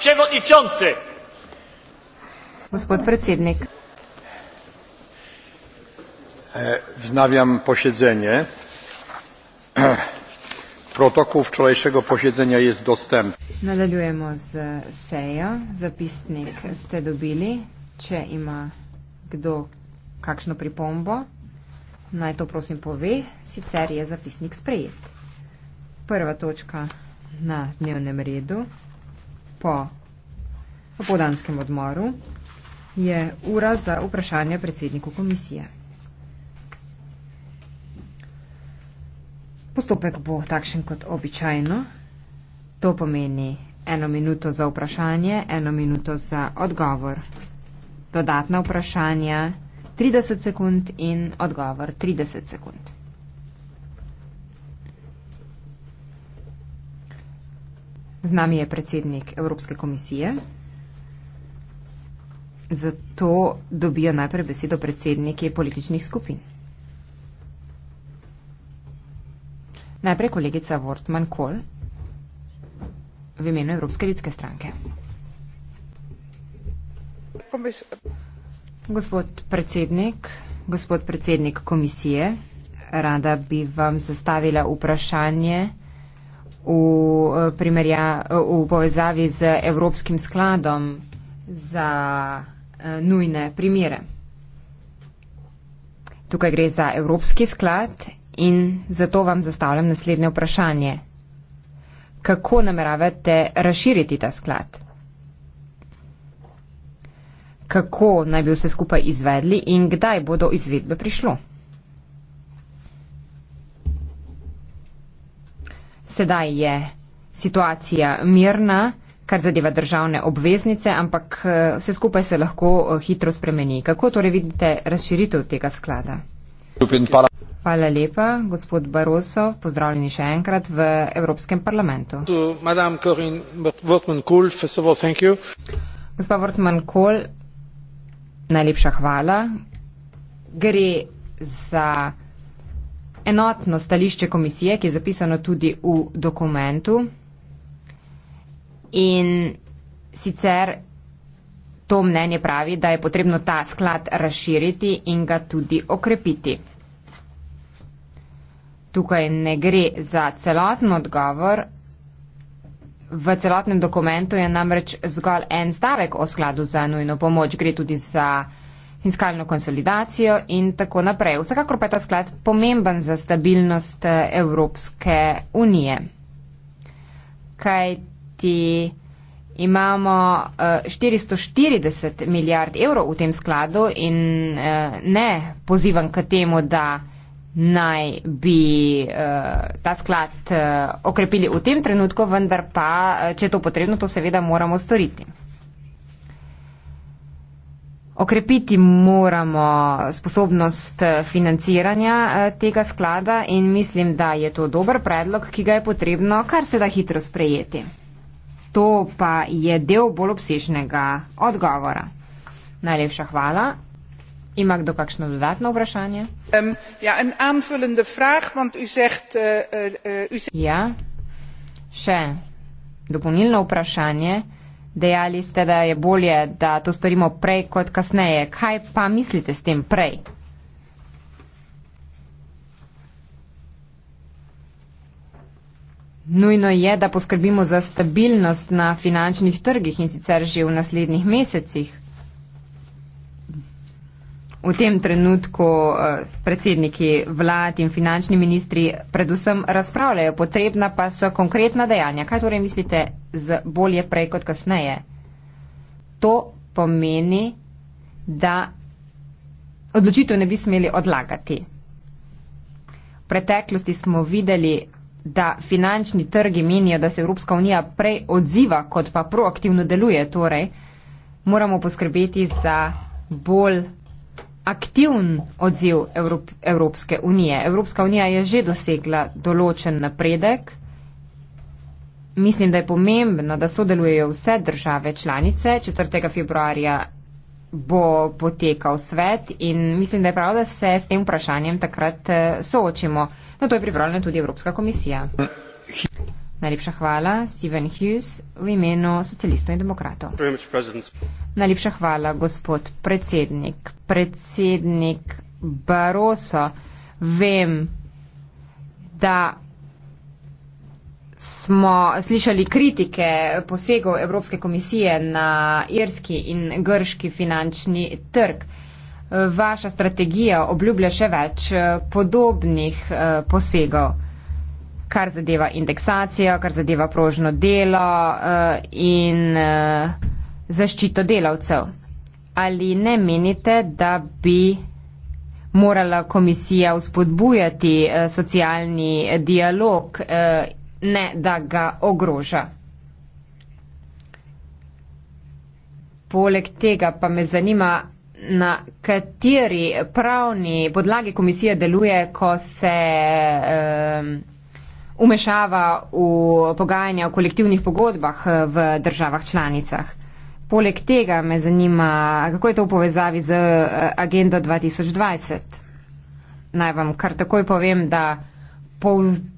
przewodniczący. Gospod predsednik. E, wznawiam posiedzenie. Protokół wczorajszego posiedzenia jest dostępny. Nadalujemy z sejo. Zapisnik ste dobili. Czy ima kdo kakšno pripombo? Naj to prosim pove, sicer je zapisnik sprejet. Prva točka na dnevnem redu po popoldanskem odmoru je ura za vprašanje predsedniku komisije. Postopek bo takšen kot običajno. To pomeni eno minuto za vprašanje, eno minuto za odgovor. Dodatna vprašanja 30 sekund in odgovor 30 sekund. Z nami je predsednik Evropske komisije. Zato dobijo najprej besedo predsedniki političnih skupin. Najprej kolegica Wortman Kohl v imenu Evropske ljudske stranke. Gospod predsednik, gospod predsednik komisije, rada bi vam zastavila vprašanje v, eh, primerja, v povezavi z Evropskim skladom za eh, nujne primere. Tukaj gre za Evropski sklad in zato vam zastavljam naslednje vprašanje. Kako nameravate razširiti ta sklad? Kako naj bi vse skupaj izvedli in kdaj bodo izvedbe prišlo? sedaj je situacija mirna, kar zadeva državne obveznice, ampak eh, vse skupaj se lahko eh, hitro spremeni. Kako torej vidite razširitev tega sklada? Hvala lepa, gospod Baroso. Pozdravljeni še enkrat v Evropskem parlamentu. Gospa Wortman Kohl, najlepša hvala. Gre za enotno stališče komisije, ki je zapisano tudi v dokumentu. In sicer to mnenje pravi, da je potrebno ta sklad razširiti in ga tudi okrepiti. Tukaj ne gre za celoten odgovor. V celotnem dokumentu je namreč zgolj en stavek o skladu za nujno pomoč. Gre tudi za fiskalno konsolidacijo in tako naprej. Vsekakor pa je ta sklad pomemben za stabilnost eh, Evropske unije. Kaj ti imamo 440 eh, milijard evrov v tem skladu in eh, ne pozivam k temu, da naj bi ta sklad okrepili v tem trenutku, vendar pa, če je to potrebno, to seveda moramo storiti. Okrepiti moramo sposobnost eh, financiranja eh, tega sklada in mislim, da je to dober predlog, ki ga je potrebno kar se da hitro sprejeti. To pa je del bolj obsežnega odgovora. Najlepša hvala. Ima kdo kakšno dodatno vprašanje? Um, ja, en aanvullende vraag, want u zegt, uh, uh, u zegt... Ja, še dopolnilno vprašanje. Dejali ste, da je bolje, da to storimo prej kot kasneje. Kaj pa mislite s tem prej? Nujno je, da poskrbimo za stabilnost na finančnih trgih in sicer že v naslednjih mesecih v tem trenutku eh, predsedniki vlad in finančni ministri predvsem razpravljajo. Potrebna pa so konkretna dejanja. Kaj torej mislite z bolje prej kot kasneje? To pomeni, da odločitev ne bi smeli odlagati. V preteklosti smo videli, da finančni trgi menijo, da se Evropska unija prej odziva, kot pa proaktivno deluje. Torej, moramo poskrbeti za bolj aktiven odziv Evrop Evropske unije. Evropska unija je že dosegla določen napredek. Mislim, da je pomembno, da sodelujejo vse države članice. 4. februarja bo potekal svet in mislim, da je prav, da se s tem vprašanjem takrat eh, soočimo. Na to je pripravljena tudi Evropska komisija. Najlepša hvala, Steven Hughes, v imenu socialistov in demokratov. Thank you very much, Najlepša hvala, gospod predsednik. Predsednik Baroso, vem, da smo slišali kritike posegov Evropske komisije na irski in grški finančni trg. Vaša strategija obljublja še več eh, podobnih eh, posegov, kar zadeva indeksacijo, kar zadeva prožno delo eh, in zaščito delavcev. Ali ne menite, da bi morala komisija vzpodbujati eh, socialni dialog, eh, ne da ga ogroža? Poleg tega pa me zanima, na kateri pravni podlagi komisija deluje, ko se eh, umešava v pogajanja o kolektivnih pogodbah v državah članicah. Poleg tega me zanima, kako je to v povezavi z eh, agendo 2020. Naj vam kar takoj povem, da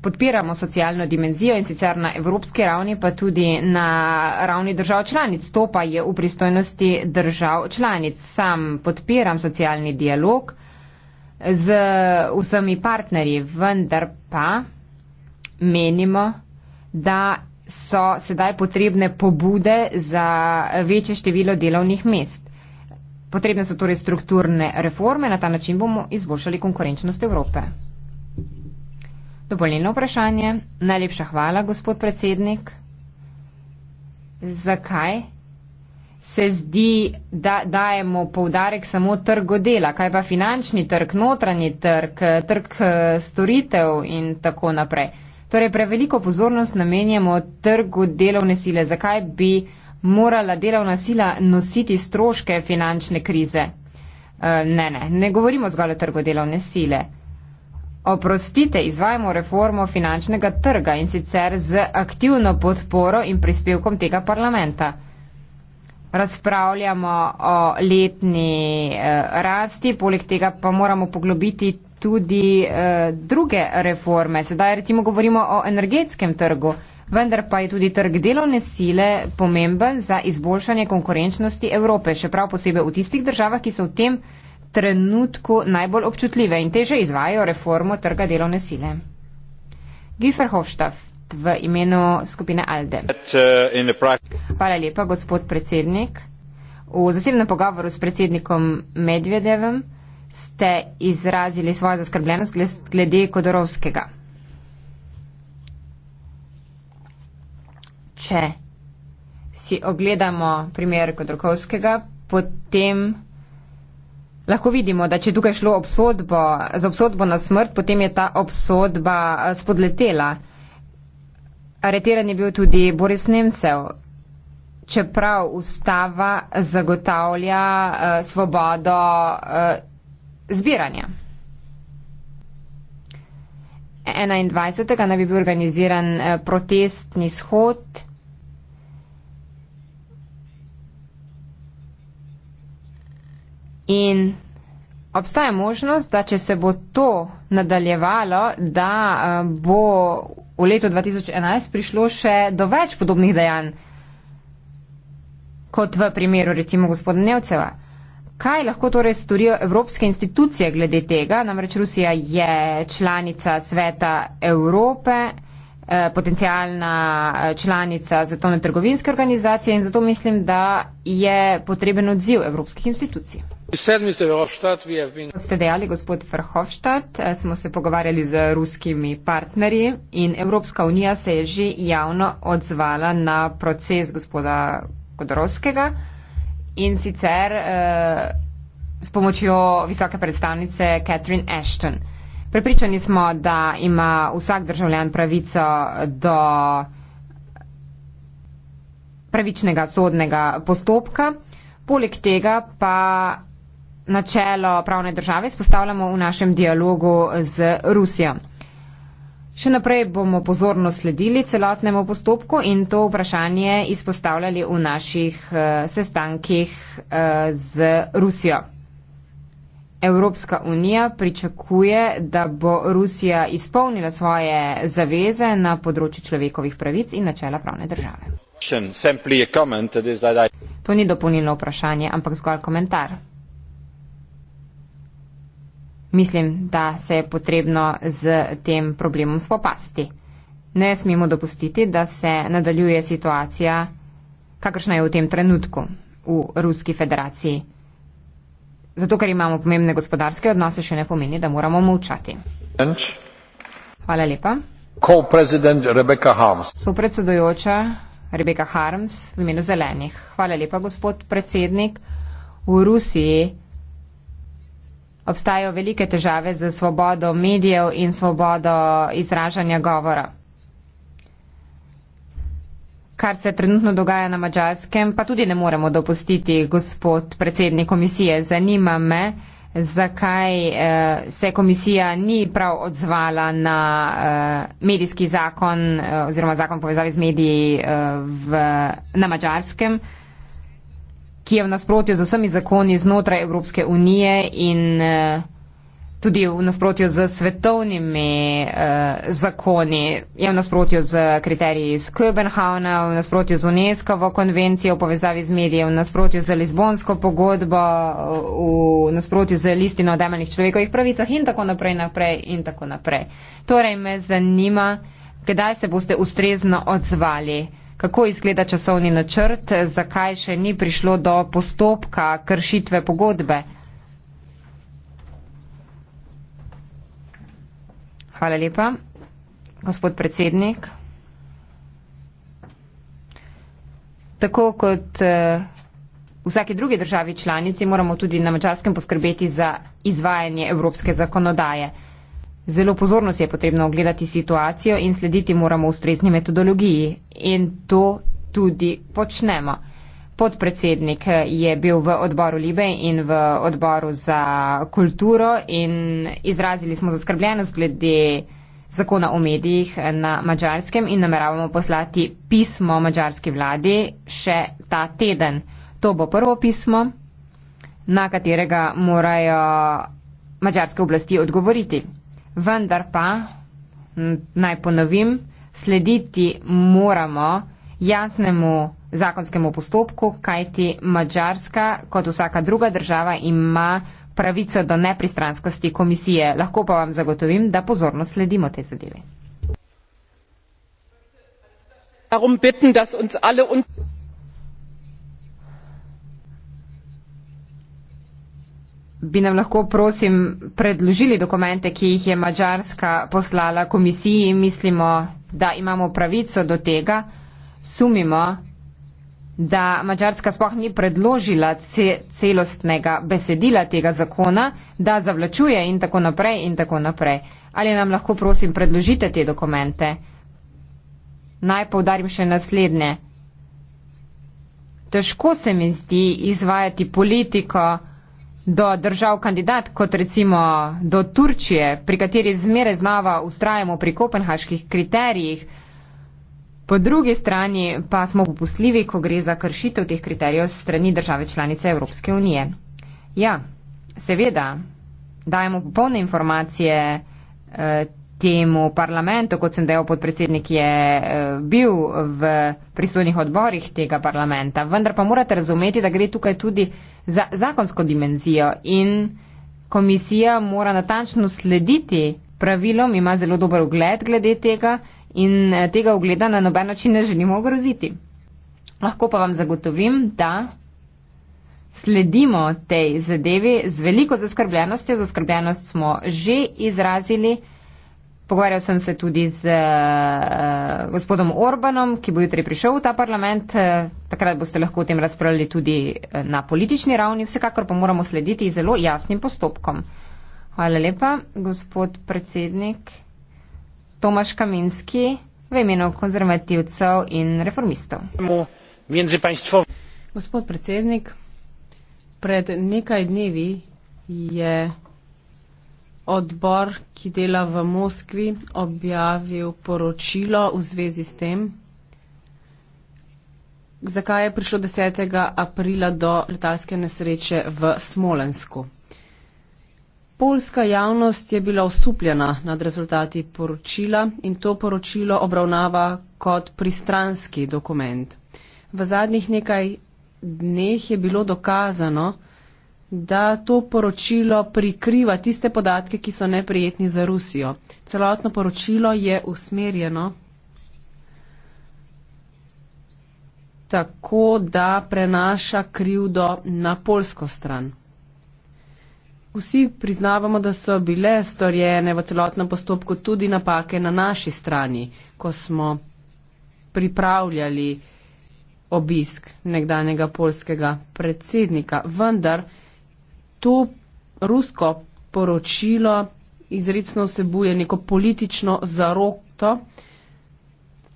podpiramo socialno dimenzijo in sicer na evropski ravni, pa tudi na ravni držav članic. To pa je v pristojnosti držav članic. Sam podpiram socialni dialog z vsemi partnerji, vendar pa menimo, da so sedaj potrebne pobude za večje število delovnih mest. Potrebne so torej strukturne reforme, na ta način bomo izboljšali konkurenčnost Evrope. Dopolnilno vprašanje. Najlepša hvala, gospod predsednik. Zakaj se zdi, da dajemo poudarek samo trgu dela? Kaj pa finančni trg, notranji trg, trg eh, storitev in tako naprej? Torej, preveliko pozornost namenjamo trgu delovne sile. Zakaj bi morala delovna sila nositi stroške finančne krize? Eh, ne, ne, ne govorimo zgolj o trgu delovne sile. Oprostite, izvajamo reformo finančnega trga in sicer z aktivno podporo in prispevkom tega parlamenta. Razpravljamo o letni eh, rasti, poleg tega pa moramo poglobiti tudi uh, druge reforme. Sedaj recimo govorimo o energetskem trgu, vendar pa je tudi trg delovne sile pomemben za izboljšanje konkurenčnosti Evrope, še prav posebej v tistih državah, ki so v tem trenutku najbolj občutljive in teže izvajo reformo trga delovne sile. Gifer Hofstaff v imenu skupine Alde. Hvala lepa, gospod predsednik. V zasebnem pogovoru s predsednikom Medvedevem ste izrazili svojo zaskrbljenost glede Kodorovskega. Če si ogledamo primer Kodorkovskega, potem lahko vidimo, da če je tukaj šlo obsodbo, za obsodbo na smrt, potem je ta obsodba eh, spodletela. Areteran je bil tudi Boris Nemcev. Čeprav ustava zagotavlja uh, svobodo uh, zbiranja. 21. naj bi bil organiziran eh, protestni shod. In obstaja možnost, da če se bo to nadaljevalo, da eh, bo v letu 2011 prišlo še do več podobnih dejanj kot v primeru recimo gospoda Nevceva. Kaj lahko torej storijo evropske institucije glede tega? Namreč Rusija je članica sveta Evrope, eh, potencijalna eh, članica Zatone trgovinske organizacije in zato mislim, da je potreben odziv evropskih institucij. Kot ste dejali, gospod Verhofstadt, eh, smo se pogovarjali z ruskimi partnerji in Evropska unija se je že javno odzvala na proces gospoda Kodorovskega in sicer uh, s pomočjo visoke predstavnice Catherine Ashton. Prepričani smo, da ima vsak državljan pravico do pravičnega sodnega postopka. Poleg tega pa načelo pravne države spostavljamo v našem dialogu z Rusijo. Še naprej bomo pozorno sledili celotnemu postopku in to vprašanje izpostavljali v naših eh, sestankih eh, z Rusijo. Evropska unija pričakuje, da bo Rusija izpolnila svoje zaveze na področju človekovih pravic in načela pravne države. To ni dopolnilno vprašanje, ampak zgolj komentar mislim, da se je potrebno z tem problemom spopasti. Ne smemo dopustiti, da se nadaljuje situacija, kakršna je v tem trenutku v Ruski federaciji. Zato, ker imamo pomembne gospodarske odnose, še ne pomeni, da moramo molčati. Hvala lepa. Sopredsedujoča Rebeka Harms v imenu zelenih. Hvala lepa, gospod predsednik. V Rusiji obstajajo velike težave za svobodo medijev in svobodo izražanja govora. Kar se trenutno dogaja na mačarskem, pa tudi ne moremo dopustiti, gospod predsednik komisije. Zanima me, zakaj eh, se komisija ni prav odzvala na eh, medijski zakon eh, oziroma zakon povezavi z mediji eh, v, na mačarskem. Eh, ki je v nasprotju z vsemi zakoni znotraj Evropske unije in eh, tudi v nasprotju z svetovnimi uh, zakoni, je v nasprotju z kriteriji iz Kopenhavna, v nasprotju z UNESCO konvencijo o povezavi z medijem, v nasprotju z Lizbonsko pogodbo, v nasprotju z listino o temeljnih človekovih pravicah in tako naprej, naprej in tako naprej. Torej me zanima, kdaj se boste ustrezno odzvali kako izgleda časovni načrt, zakaj še ni prišlo do postopka kršitve pogodbe. Hvala lepa. Gospod predsednik. Tako kot eh, v vsaki drugi državi članici moramo tudi na Mačarskem poskrbeti za izvajanje evropske zakonodaje. Zelo pozorno si je potrebno ogledati situacijo in slediti moramo ustrezni metodologiji. In to tudi počnemo. Podpredsednik je bil v odboru Libe in v odboru za kulturo in izrazili smo zaskrbljenost glede zakona o medijih na mačarskem in nameravamo poslati pismo mačarski vladi še ta teden. To bo prvo pismo, na katerega morajo mačarske oblasti odgovoriti vendar pa, naj ponovim, slediti moramo jasnemu zakonskemu postopku, kajti Mačarska, kot vsaka druga država, ima pravico do nepristranskosti komisije. Lahko pa vam zagotovim, da pozorno sledimo te zadeve. bi nam lahko, prosim, predložili dokumente, ki jih je Mačarska poslala komisiji in mislimo, da imamo pravico do tega. Sumimo, da Mačarska sploh ni predložila celostnega besedila tega zakona, da zavlačuje in tako naprej in tako naprej. Ali nam lahko, prosim, predložite te dokumente? Naj povdarim še naslednje. Težko se mi zdi izvajati politiko, do držav kandidat, kot recimo do Turčije, pri kateri zmeraj znova ustrajamo pri kopenhaških kriterijih, po drugi strani pa smo popustljivi, ko gre za kršitev teh kriterijev strani države članice Evropske unije. Ja, seveda, dajemo popolne informacije eh, temu parlamentu, kot sem dejal, podpredsednik je eh, bil v pristojnih odborih tega parlamenta, vendar pa morate razumeti, da gre tukaj tudi za zakonsko dimenzijo in komisija mora natančno slediti pravilom, ima zelo dober ugled glede tega in eh, tega ugleda na noben način ne želimo ogroziti. Lahko pa vam zagotovim, da sledimo tej zadevi z veliko zaskrbljenostjo. Zaskrbljenost smo že izrazili. Pogovarjal sem se tudi z uh, gospodom Orbanom, ki bo jutri prišel v ta parlament. Eh, takrat boste lahko o tem razpravljali tudi eh, na politični ravni. Vsekakor pa moramo slediti zelo jasnim postopkom. Hvala lepa, gospod predsednik Tomaš Kaminski v imenu konzervativcev in reformistov. Gospod predsednik, pred nekaj dnevi je odbor, ki dela v Moskvi, objavil poročilo v zvezi s tem, zakaj je prišlo 10. aprila do letalske nesreče v Smolensku. Polska javnost je bila osupljena nad rezultati poročila in to poročilo obravnava kot pristranski dokument. V zadnjih nekaj dneh je bilo dokazano, da to poročilo prikriva tiste podatke, ki so neprijetni za Rusijo. Celotno poročilo je usmerjeno tako, da prenaša krivdo na polsko stran. Vsi priznavamo, da so bile storjene v celotnem postopku tudi napake na naši strani, ko smo pripravljali obisk nekdanjega polskega predsednika. Vendar, to rusko poročilo izredno vsebuje neko politično zaroto,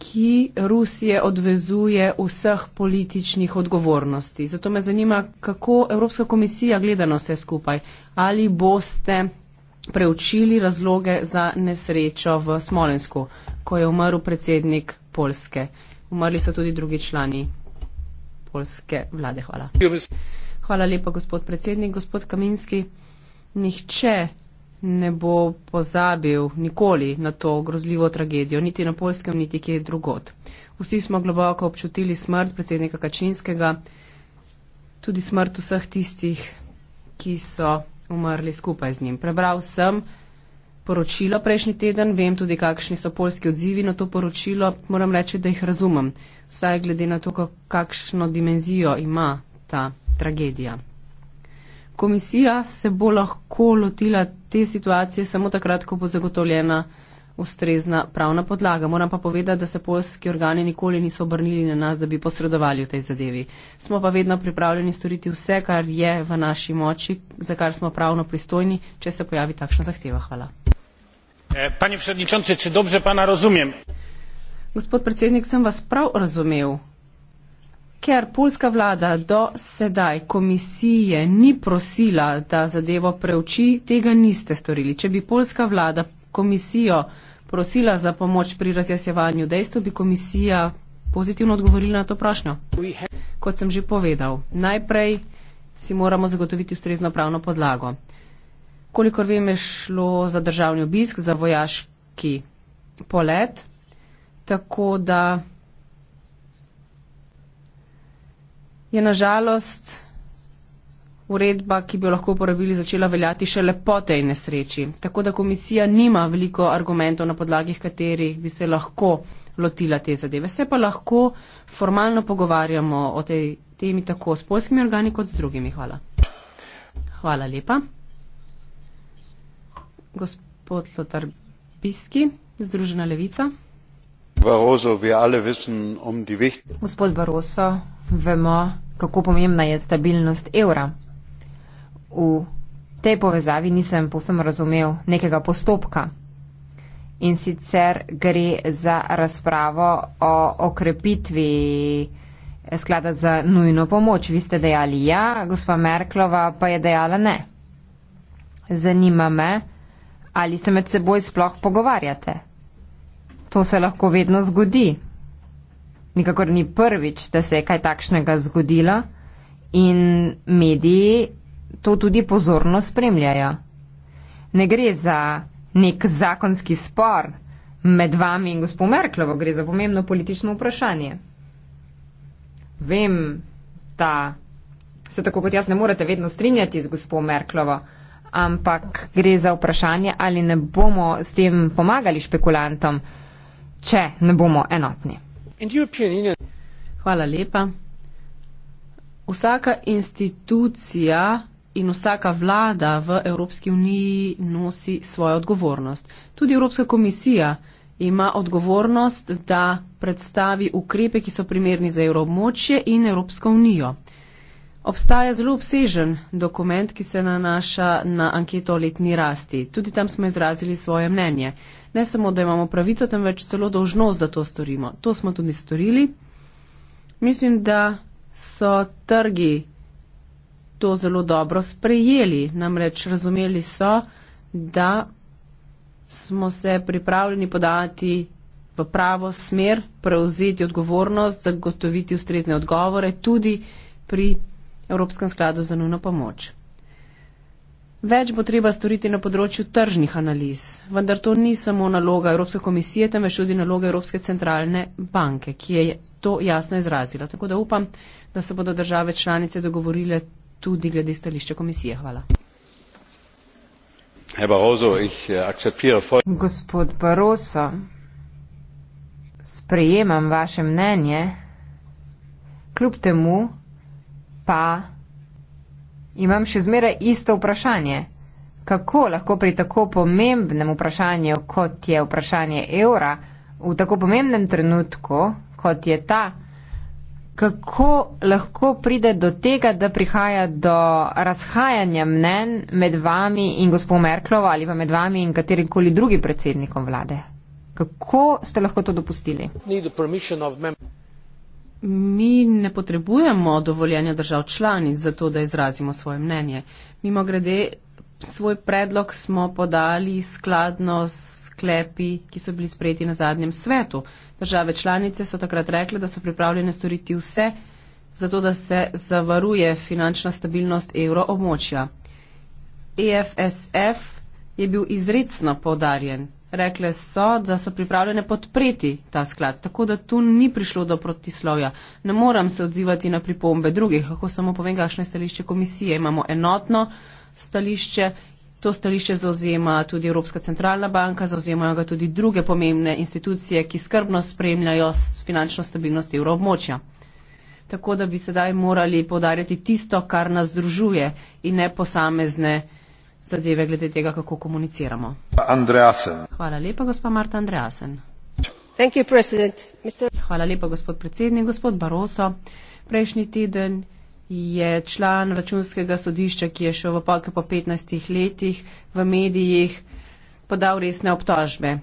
ki Rusije odvezuje vseh političnih odgovornosti. Zato me zanima, kako Evropska komisija gleda na vse skupaj. Ali boste preučili razloge za nesrečo v Smolensku, ko je umrl predsednik Polske. Umrli so tudi drugi člani polske vlade. Hvala. Hvala lepa, gospod predsednik. Gospod Kaminski, nihče ne bo pozabil nikoli na to grozljivo tragedijo, niti na polskem, niti kje drugot. Vsi smo globoko občutili smrt predsednika Kačinskega, tudi smrt vseh tistih, ki so umrli skupaj z njim. Prebral sem poročilo prejšnji teden, vem tudi, kakšni so polski odzivi na to poročilo. Moram reči, da jih razumem, vsaj glede na to, kakšno dimenzijo ima ta tragedija. Komisija se bo lahko lotila te situacije samo takrat, ko bo zagotovljena ustrezna pravna podlaga. Moram pa povedati, da se polski organi nikoli niso obrnili na nas, da bi posredovali v tej zadevi. Smo pa vedno pripravljeni storiti vse, kar je v naši moči, za kar smo pravno pristojni, če se pojavi takšna zahteva. Hvala. E, Gospod predsednik, sem vas prav razumel ker polska vlada do sedaj komisije ni prosila, da zadevo preuči, tega niste storili. Če bi polska vlada komisijo prosila za pomoč pri razjasjevanju dejstva, bi komisija pozitivno odgovorila na to prošnjo. Kot sem že povedal, najprej si moramo zagotoviti ustrezno pravno podlago. Kolikor vem, je šlo za državni obisk, za vojaški polet, tako da je nažalost uredba, ki bi jo lahko uporabili, začela veljati šele po tej nesreči. Tako da komisija nima veliko argumentov, na podlagi katerih bi se lahko lotila te zadeve. Se pa lahko formalno pogovarjamo o tej temi tako s polskimi organi kot z drugimi. Hvala. Hvala lepa. Gospod Lotar Biski, Združena levica. Barozo, um die... Gospod Baroso, vemo, kako pomembna je stabilnost evra. V tej povezavi nisem posem razumel nekega postopka. In sicer gre za razpravo o okrepitvi eh, sklada za nujno pomoč. Vi ste dejali ja, gospa Merklova pa je dejala ne. Zanima me, ali se med seboj sploh pogovarjate. To se lahko vedno zgodi, nikakor ni prvič, da se je kaj takšnega zgodilo in mediji to tudi pozorno spremljajo. Ne gre za nek zakonski spor med vami in gospod Merklovo, gre za pomembno politično vprašanje. Vem, da se tako kot jaz ne morete vedno strinjati z gospod Merklovo, ampak gre za vprašanje, ali ne bomo s tem pomagali špekulantom, če ne bomo enotni. Hvala lepa. Vsaka institucija in vsaka vlada v Evropski uniji nosi svojo odgovornost. Tudi Evropska komisija ima odgovornost, da predstavi ukrepe, ki so primerni za evroobmočje in Evropsko unijo. Obstaja zelo obsežen dokument, ki se nanaša na anketo o letni rasti. Tudi tam smo izrazili svoje mnenje. Ne samo, da imamo pravico, temveč celo dožnost, da to storimo. To smo tudi storili. Mislim, da so trgi to zelo dobro sprejeli. Namreč razumeli so, da smo se pripravljeni podati v pravo smer, prevzeti odgovornost, zagotoviti ustrezne odgovore tudi pri. Evropskem skladu za nujno pomoč. Več bo treba storiti na področju tržnih analiz, vendar to ni samo naloga Evropske komisije, temveč tudi naloga Evropske centralne banke, ki je to jasno izrazila. Tako da upam, da se bodo države članice dogovorile tudi glede stališča komisije. Hvala. Barroso, ich, eh, Gospod Barroso, sprejemam vaše mnenje. Kljub temu, Pa imam še zmeraj isto vprašanje. Kako lahko pri tako pomembnem vprašanju, kot je vprašanje evra, v tako pomembnem trenutku, kot je ta, kako lahko pride do tega, da prihaja do razhajanja mnen med vami in gospo Merklovo ali pa med vami in katerimkoli drugim predsednikom vlade? Kako ste lahko to dopustili? mi ne potrebujemo dovoljenja držav članic za to, da izrazimo svoje mnenje. Mimo grede, svoj predlog smo podali skladno s sklepi, ki so bili sprejeti na zadnjem svetu. Države članice so takrat rekle, da so pripravljene storiti vse, zato da se zavaruje finančna stabilnost evro območja. EFSF je bil izredno povdarjen Rekle so, da so pripravljene podpreti ta sklad, tako da tu ni prišlo do protislovja. Ne moram se odzivati na pripombe drugih, lahko samo povem, kakšno je stališče komisije. Imamo enotno stališče, to stališče zauzema tudi Evropska centralna banka, zauzemajo ga tudi druge pomembne institucije, ki skrbno spremljajo finančno stabilnost evroobmočja. Tako da bi sedaj morali podarjati tisto, kar nas združuje in ne posamezne zadeve glede tega, kako komuniciramo. Andreasen. Hvala lepa, gospa Marta Andreasen. You, Mr... Hvala lepa, gospod predsednik, gospod Baroso. Prejšnji teden je član računskega sodišča, ki je šel v polk po 15 letih v medijih, podal resne obtožbe.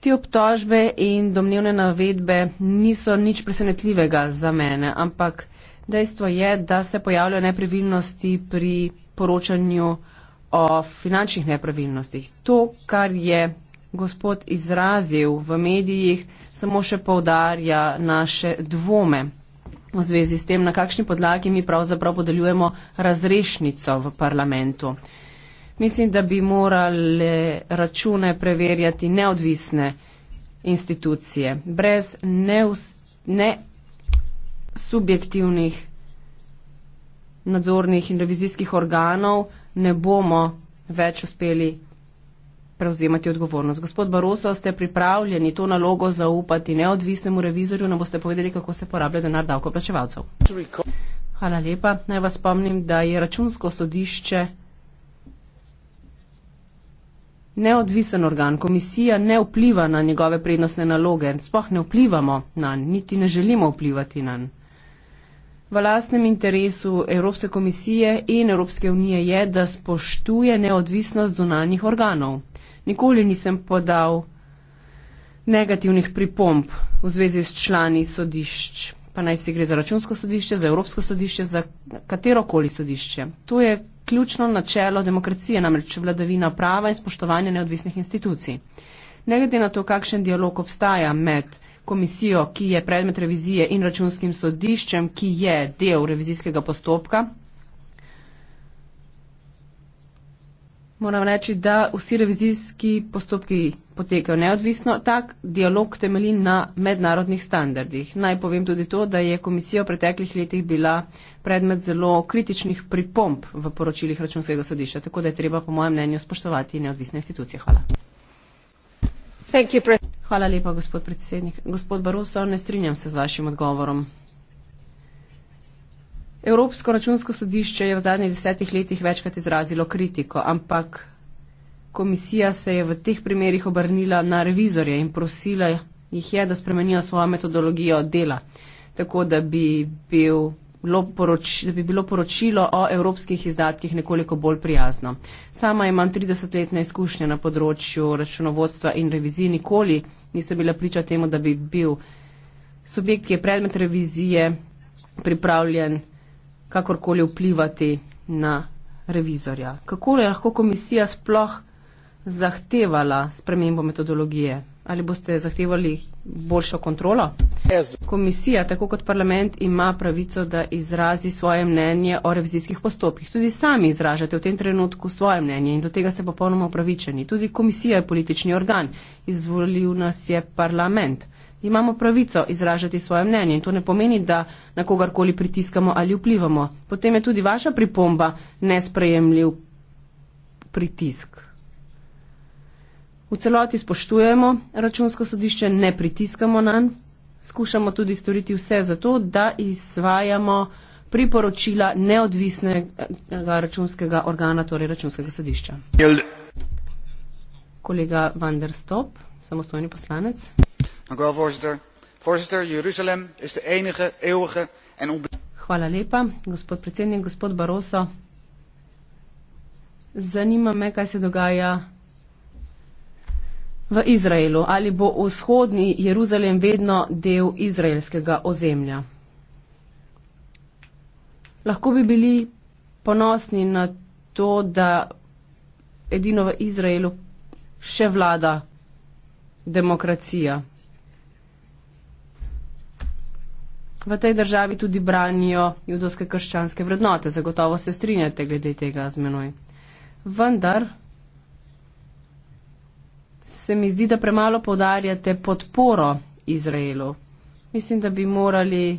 Ti obtožbe in domnevne navedbe niso nič presenetljivega za mene, ampak dejstvo je, da se pojavljajo nepravilnosti pri poročanju o finančnih nepravilnostih. To, kar je gospod izrazil v medijih, samo še povdarja naše dvome v zvezi s tem, na kakšni podlagi mi pravzaprav podeljujemo razrešnico v parlamentu. Mislim, da bi morale račune preverjati neodvisne institucije, brez nesubjektivnih ne nadzornih in revizijskih organov, ne bomo več uspeli prevzemati odgovornost. Gospod Baroso, ste pripravljeni to nalogo zaupati neodvisnemu revizorju, nam boste povedali, kako se porablja denar davkoplačevalcev. Hvala lepa. Naj vas spomnim, da je računsko sodišče neodvisen organ. Komisija ne vpliva na njegove prednostne naloge. Sploh ne vplivamo na, niti ne želimo vplivati na njih v lastnem interesu Evropske komisije in Evropske unije je, da spoštuje neodvisnost zonalnih organov. Nikoli nisem podal negativnih pripomb v zvezi s člani sodišč, pa naj si gre za računsko sodišče, za Evropsko sodišče, za katerokoli sodišče. To je ključno načelo demokracije, namreč vladavina prava in spoštovanje neodvisnih institucij ne glede na to, kakšen dialog obstaja med komisijo, ki je predmet revizije in računskim sodiščem, ki je del revizijskega postopka. Moram reči, da vsi revizijski postopki potekajo neodvisno, tak dialog temelji na mednarodnih standardih. Naj povem tudi to, da je komisija v preteklih letih bila predmet zelo kritičnih pripomp v poročilih računskega sodišča, tako da je treba, po mojem mnenju, spoštovati neodvisne institucije. Hvala. Hvala lepa, gospod predsednik. Gospod Barroso, ne strinjam se z vašim odgovorom. Evropsko računsko sodišče je v zadnjih desetih letih večkrat izrazilo kritiko, ampak komisija se je v teh primerjih obrnila na revizorje in prosila jih je, da spremenijo svojo metodologijo dela, tako da bi bil bilo, poroč, da bi bilo poročilo o evropskih izdatkih nekoliko bolj prijazno. Sama imam 30-letne izkušnje na področju računovodstva in revizij, nikoli nisem bila priča temu, da bi bil subjekt, ki je predmet revizije, pripravljen kakorkoli vplivati na revizorja. Kako je lahko komisija sploh zahtevala spremembo metodologije? ali boste zahtevali boljšo kontrolo? Jaz. Komisija, tako kot parlament, ima pravico, da izrazi svoje mnenje o revizijskih postopkih. Tudi sami izražate v tem trenutku svoje mnenje in do tega ste popolnoma upravičeni. Tudi komisija je politični organ, izvolil nas je parlament. Imamo pravico izražati svoje mnenje in to ne pomeni, da na kogarkoli pritiskamo ali vplivamo. Potem je tudi vaša pripomba nesprejemljiv pritisk. V celoti spoštujemo računsko sodišče, ne pritiskamo na njen. Skušamo tudi storiti vse za to, da izvajamo priporočila neodvisnega računskega organa, torej računskega sodišča. Jel. Kolega Van der Stop, samostojni poslanec. Hvala lepa, gospod predsednik, gospod Baroso. Zanima me, kaj se dogaja v Izraelu. Ali bo vzhodni Jeruzalem vedno del izraelskega ozemlja? Lahko bi bili ponosni na to, da edino v Izraelu še vlada demokracija. V tej državi tudi branijo judovske krščanske vrednote, zagotovo se strinjate glede tega z menoj. Vendar se mi zdi, da premalo podarjate podporo Izraelu. Mislim, da bi morali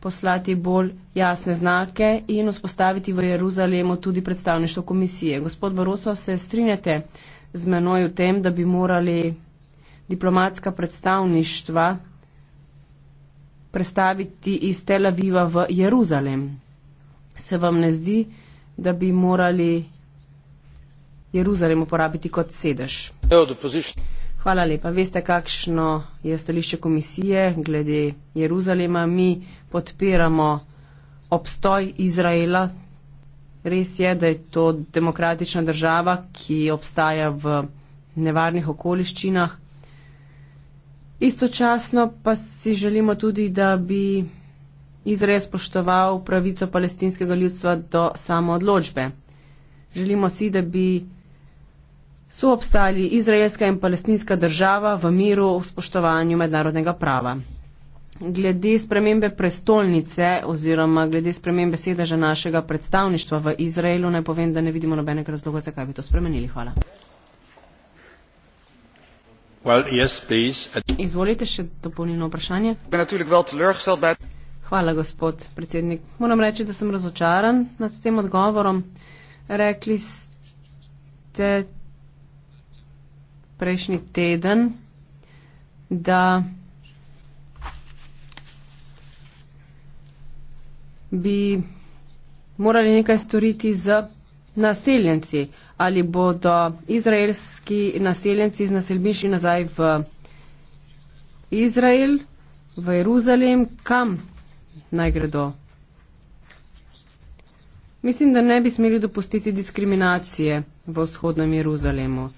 poslati bolj jasne znake in vzpostaviti v Jeruzalemu tudi predstavništvo komisije. Gospod Baroso, se strinjate z menoj v tem, da bi morali diplomatska predstavništva prestaviti iz Tel Aviva v Jeruzalem? Se vam ne zdi, da bi morali Jeruzalem uporabiti kot sedež? Hvala lepa. Veste, kakšno je stališče komisije glede Jeruzalema. Mi podpiramo obstoj Izraela. Res je, da je to demokratična država, ki obstaja v nevarnih okoliščinah. Istočasno pa si želimo tudi, da bi Izrael spoštoval pravico palestinskega ljudstva do samoodločbe. Želimo si, da bi so obstali izraelska in palestinska država v miru v spoštovanju mednarodnega prava. Glede spremembe prestolnice oziroma glede spremembe sedeža našega predstavništva v Izraelu, naj povem, da ne vidimo nobenega razloga, zakaj bi to spremenili. Hvala. Well, yes, Izvolite še dopolnilno vprašanje. Hvala, gospod predsednik. Moram reči, da sem razočaran nad tem odgovorom. Rekli ste, prejšnji teden, da bi morali nekaj storiti z naseljenci, ali bodo izraelski naseljenci z naselbišči nazaj v Izrael, v Jeruzalem, kam naj gredo. Mislim, da ne bi smeli dopustiti diskriminacije v vzhodnem Jeruzalemu.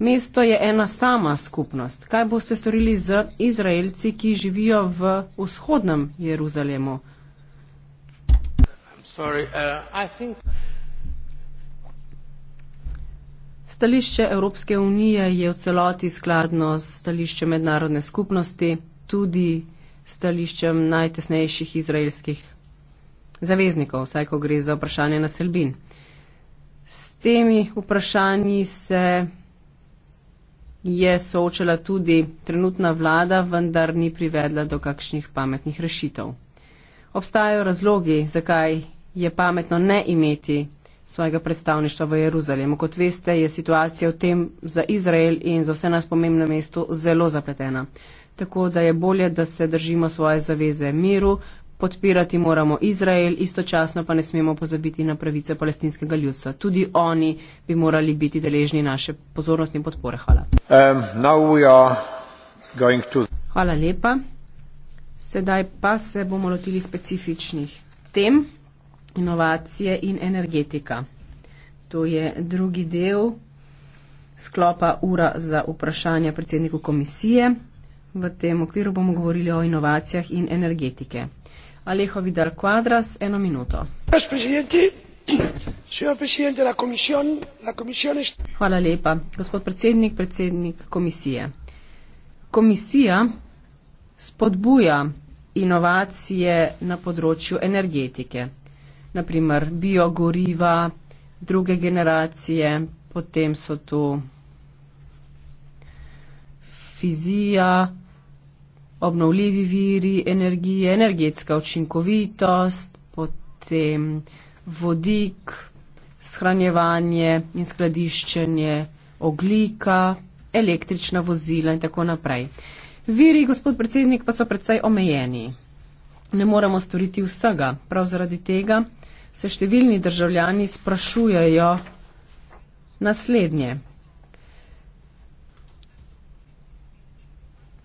Mesto je ena sama skupnost. Kaj boste storili z Izraelci, ki živijo v vzhodnem Jeruzalemu? Uh, Stališče Evropske unije je v celoti skladno s stališčem mednarodne skupnosti, tudi stališčem najtesnejših izraelskih zaveznikov, vsaj ko gre za vprašanje naselbin. S temi vprašanji se je soočala tudi trenutna vlada, vendar ni privedla do kakšnih pametnih rešitev. Obstajajo razlogi, zakaj je pametno ne imeti svojega predstavništva v Jeruzalemu. Kot veste, je situacija v tem za Izrael in za vse nas pomembno mesto zelo zapletena. Tako da je bolje, da se držimo svoje zaveze miru, podpirati moramo Izrael, istočasno pa ne smemo pozabiti na pravice palestinskega ljudstva. Tudi oni bi morali biti deležni naše pozornosti in podpore. Hvala. Um, to... Hvala lepa. Sedaj pa se bomo lotili specifičnih tem, inovacije in energetika. To je drugi del sklopa ura za vprašanja predsedniku komisije. V tem okviru bomo govorili o inovacijah in energetike alejo vidal quadras eno minuto. Hvala lepa. Gospod predsednik, predsednik komisije. Komisija spodbuja inovacije na področju energetike, naprimer biogoriva, druge generacije, potem so tu fizija, obnovljivi viri energije, energetska učinkovitost, potem vodik, shranjevanje in skladiščenje oglika, električna vozila in tako naprej. Viri, gospod predsednik, pa so predvsej omejeni. Ne moremo storiti vsega. Prav zaradi tega se številni državljani sprašujejo naslednje.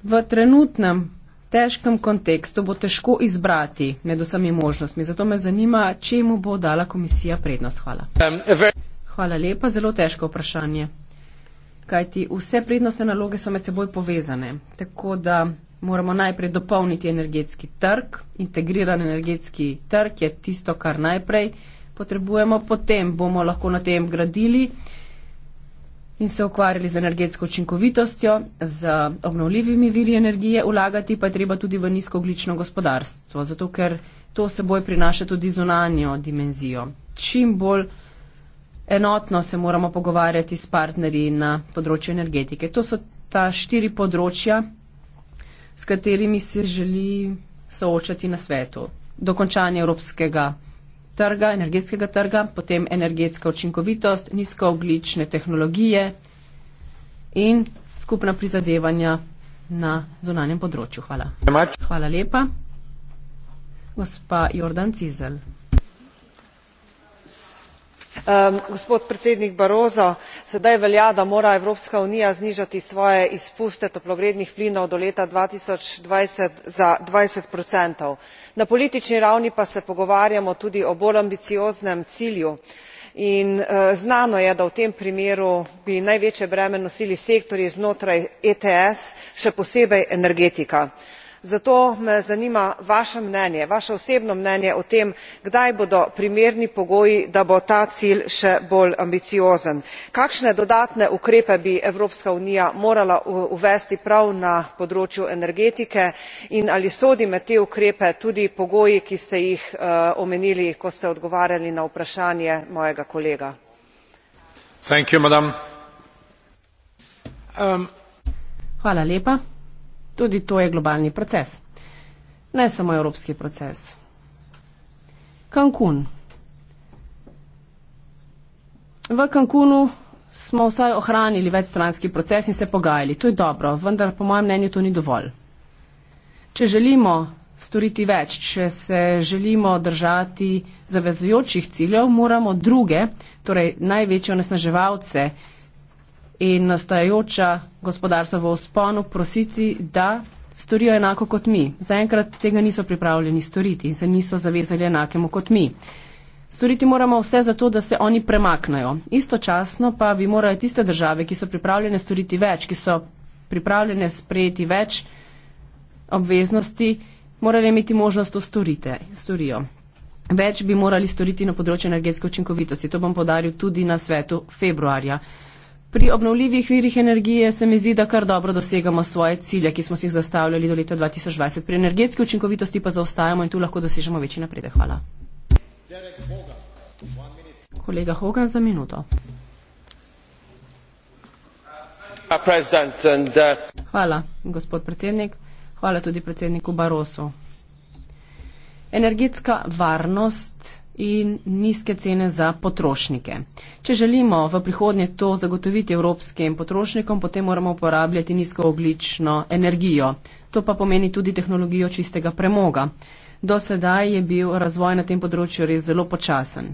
V trenutnem težkem kontekstu bo težko izbrati med vsemi možnostmi, zato me zanima, čemu bo dala komisija prednost. Hvala. Um, Hvala lepa, zelo težko vprašanje. Kajti vse prednostne naloge so med seboj povezane, tako da moramo najprej dopolniti energetski trg. Integriran energetski trg je tisto, kar najprej potrebujemo, potem bomo lahko na tem gradili in se ukvarjali z energetsko učinkovitostjo, z obnovljivimi viri energije, ulagati pa je treba tudi v nizkooglično gospodarstvo, zato ker to seboj prinaša tudi zunanjo dimenzijo. Čim bolj enotno se moramo pogovarjati s partnerji na področju energetike. To so ta štiri področja, s katerimi se želi soočati na svetu. Dokončanje evropskega trga, energetskega trga, potem energetska učinkovitost, nizkooglične tehnologije in skupna prizadevanja na zunanjem področju. Hvala. Hvala lepa. Gospa Jordan Cizel gospod predsednik barroso sedaj velja da mora evropska unija znižati svoje izpuste toplogrednih plinov do leta dva tisoč dvajset za dvajset na politični ravni pa se pogovarjamo tudi o bolj ambicioznem cilju in e, znano je da v tem primeru bi največje breme nosili sektorji znotraj ets še posebej energetika zato me zanima vaše mnenje vaše osebno mnenje o tem kdaj bodo primerni pogoji da bo ta cilj še bolj ambiciozen kakšne dodatne ukrepe bi evropska unija morala uvesti prav na področju energetike in ali sodi med te ukrepe tudi pogoji ki ste jih eh, omenili ko ste odgovarjali na vprašanje mojega kolega Tudi to je globalni proces. Ne samo evropski proces. Cancun. V Cancunu smo vsaj ohranili večstranski proces in se pogajali. To je dobro, vendar po mojem mnenju to ni dovolj. Če želimo storiti več, če se želimo držati zavezujočih ciljev, moramo druge, torej največje onesnaževalce, in nastajajoča gospodarstva v osponu prositi, da storijo enako kot mi. Zaenkrat tega niso pripravljeni storiti in se niso zavezali enakemu kot mi. Storiti moramo vse za to, da se oni premaknejo. Istočasno pa bi morale tiste države, ki so pripravljene storiti več, ki so pripravljene sprejeti več obveznosti, morali imeti možnost to storite, storijo. Več bi morali storiti na področju energetske učinkovitosti. To bom podaril tudi na svetu februarja. Pri obnovljivih virih energije se mi zdi, da kar dobro dosegamo svoje cilje, ki smo si jih zastavljali do leta 2020. Pri energetski učinkovitosti pa zaostajamo in tu lahko dosežemo večji napredek. Hvala. Kolega Hogan za minuto. Hvala, gospod predsednik. Hvala tudi predsedniku Barosu. Energetska varnost in nizke cene za potrošnike. Če želimo v prihodnje to zagotoviti evropskim potrošnikom, potem moramo uporabljati nizkooglično energijo. To pa pomeni tudi tehnologijo čistega premoga. Do sedaj je bil razvoj na tem področju res zelo počasen.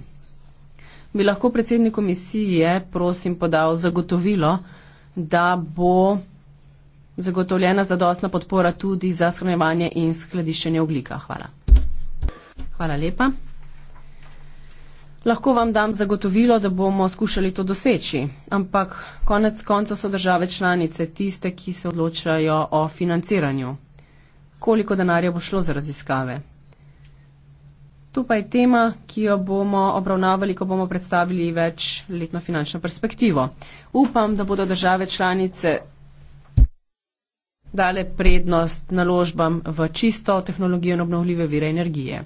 Bi lahko predsednik komisije, prosim, podal zagotovilo, da bo zagotovljena zadostna podpora tudi za shranjevanje in skladiščenje oglika. Hvala. Hvala lepa. Lahko vam dam zagotovilo, da bomo skušali to doseči, ampak konec konca so države članice tiste, ki se odločajo o financiranju. Koliko denarja bo šlo za raziskave? Tu pa je tema, ki jo bomo obravnavali, ko bomo predstavili več letno finančno perspektivo. Upam, da bodo države članice dale prednost naložbam v čisto tehnologijo in obnovljive vire energije.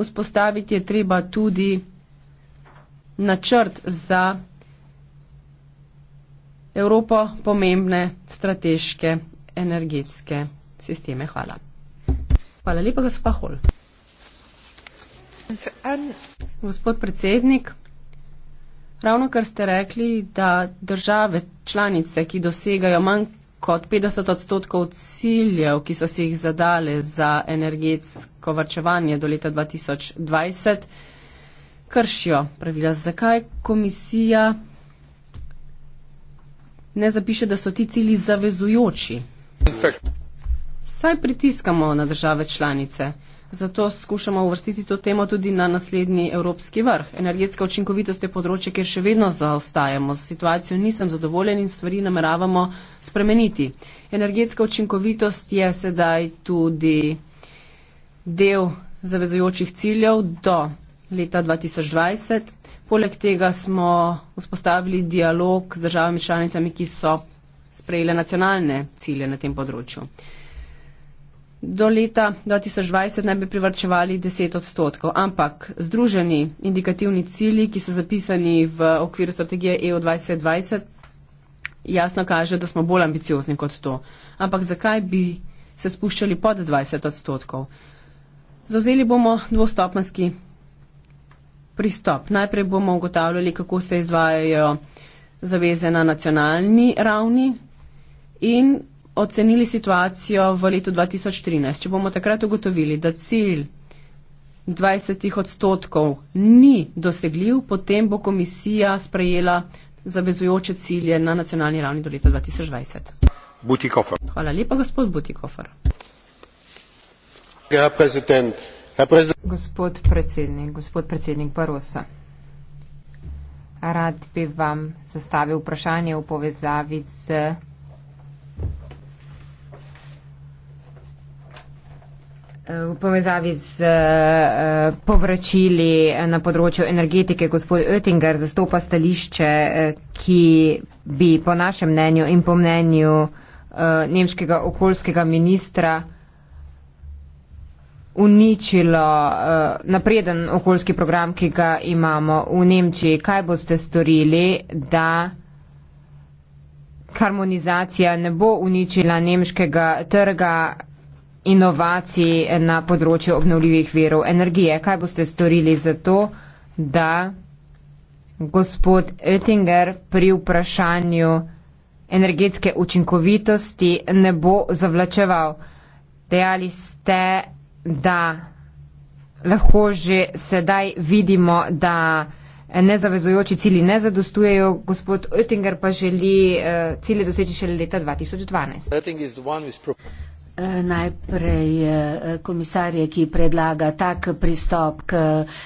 Vzpostaviti je treba tudi načrt za Evropo pomembne strateške energetske sisteme. Hvala. Hvala lepa, gospa Hol. Gospod predsednik, ravno kar ste rekli, da države članice, ki dosegajo manj kot 50 odstotkov ciljev, ki so si jih zadali za energetsko vrčevanje do leta 2020, kršijo pravila. Zakaj komisija ne zapiše, da so ti cilji zavezujoči? Saj pritiskamo na države članice. Zato skušamo uvrstiti to temo tudi na naslednji evropski vrh. Energetska učinkovitost je področje, kjer še vedno zaostajamo. Z situacijo nisem zadovoljen in stvari nameravamo spremeniti. Energetska učinkovitost je sedaj tudi del zavezujočih ciljev do leta 2020. Poleg tega smo vzpostavili dialog z državami članicami, ki so sprejele nacionalne cilje na tem področju. Do leta 2020 naj bi privrčevali 10 odstotkov, ampak združeni indikativni cilji, ki so zapisani v okviru strategije EU 2020, jasno kaže, da smo bolj ambiciozni kot to. Ampak zakaj bi se spuščali pod 20 odstotkov? Zauzeli bomo dvostopenski pristop. Najprej bomo ugotavljali, kako se izvajajo zaveze na nacionalni ravni in ocenili situacijo v letu 2013. Če bomo takrat ugotovili, da cilj 20 odstotkov ni dosegljiv, potem bo komisija sprejela zavezujoče cilje na nacionalni ravni do leta 2020. Butikofer. Hvala lepa, gospod Butikofer. Herr Präsident, Gospod predsednik, gospod predsednik Barosa, rad bi vam zastavil vprašanje v povezavi z v povezavi z eh, povračili na področju energetike. Gospod Oettinger zastopa stališče, eh, ki bi po našem mnenju in po mnenju eh, nemškega okoljskega ministra uničilo uh, napreden okoljski program, ki ga imamo v Nemčiji. Kaj boste storili, da harmonizacija ne bo uničila nemškega trga inovacij na področju obnovljivih verov energije? Kaj boste storili za to, da gospod Oettinger pri vprašanju energetske učinkovitosti ne bo zavlačeval? Dejali ste, da lahko že sedaj vidimo, da nezavezujoči cilji ne zadostujejo. Gospod Oettinger pa želi uh, cilje doseči šele leta 2012. Eh, najprej eh, komisarje, ki predlaga tak pristop k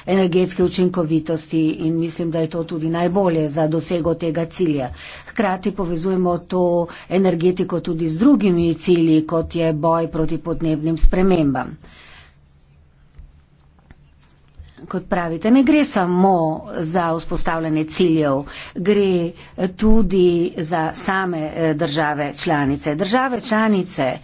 energetske učinkovitosti in mislim, da je to tudi najbolje za dosego tega cilja. Hkrati povezujemo to energetiko tudi z drugimi cilji, kot je boj proti podnebnim spremembam kot pravite, ne gre samo za vzpostavljanje ciljev, gre tudi za same eh, države članice. Države članice eh,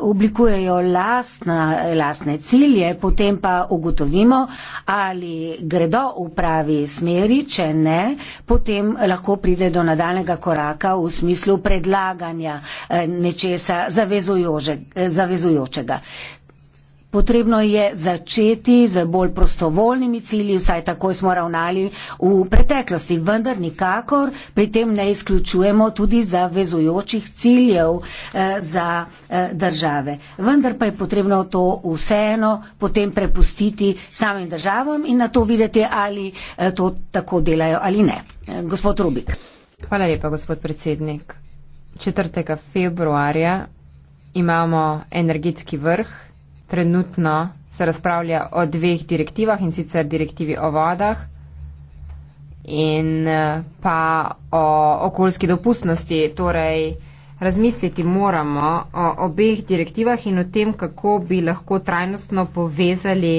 oblikujejo lastna, lastne cilje, potem pa ugotovimo, ali gredo v pravi smeri, če ne, potem lahko pride do nadaljnega koraka v smislu predlaganja eh, nečesa zavezujočega potrebno je začeti z bolj prostovoljnimi cilji, vsaj tako smo ravnali v preteklosti, vendar nikakor pri tem ne izključujemo tudi zavezujočih ciljev eh, za eh, države. Vendar pa je potrebno to vseeno potem prepustiti samim državam in na to videti, ali eh, to tako delajo ali ne. Eh, gospod Rubik. Hvala lepa, gospod predsednik. 4. februarja imamo energetski vrh trenutno se razpravlja o dveh direktivah in sicer direktivi o vodah in eh, pa o okoljski dopustnosti. Torej, razmisliti moramo o obeh direktivah in o tem, kako bi lahko trajnostno povezali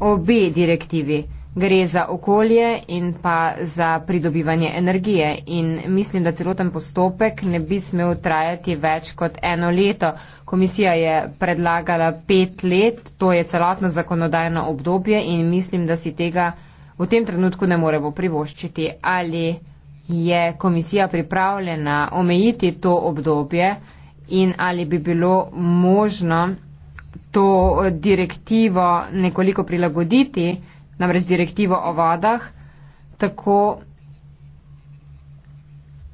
obe direktivi gre za okolje in pa za pridobivanje energije. In mislim, da celoten postopek ne bi smel trajati več kot eno leto. Komisija je predlagala pet let, to je celotno zakonodajno obdobje in mislim, da si tega v tem trenutku ne moremo privoščiti. Ali je komisija pripravljena omejiti to obdobje in ali bi bilo možno to direktivo nekoliko prilagoditi, namreč direktivo o vodah, tako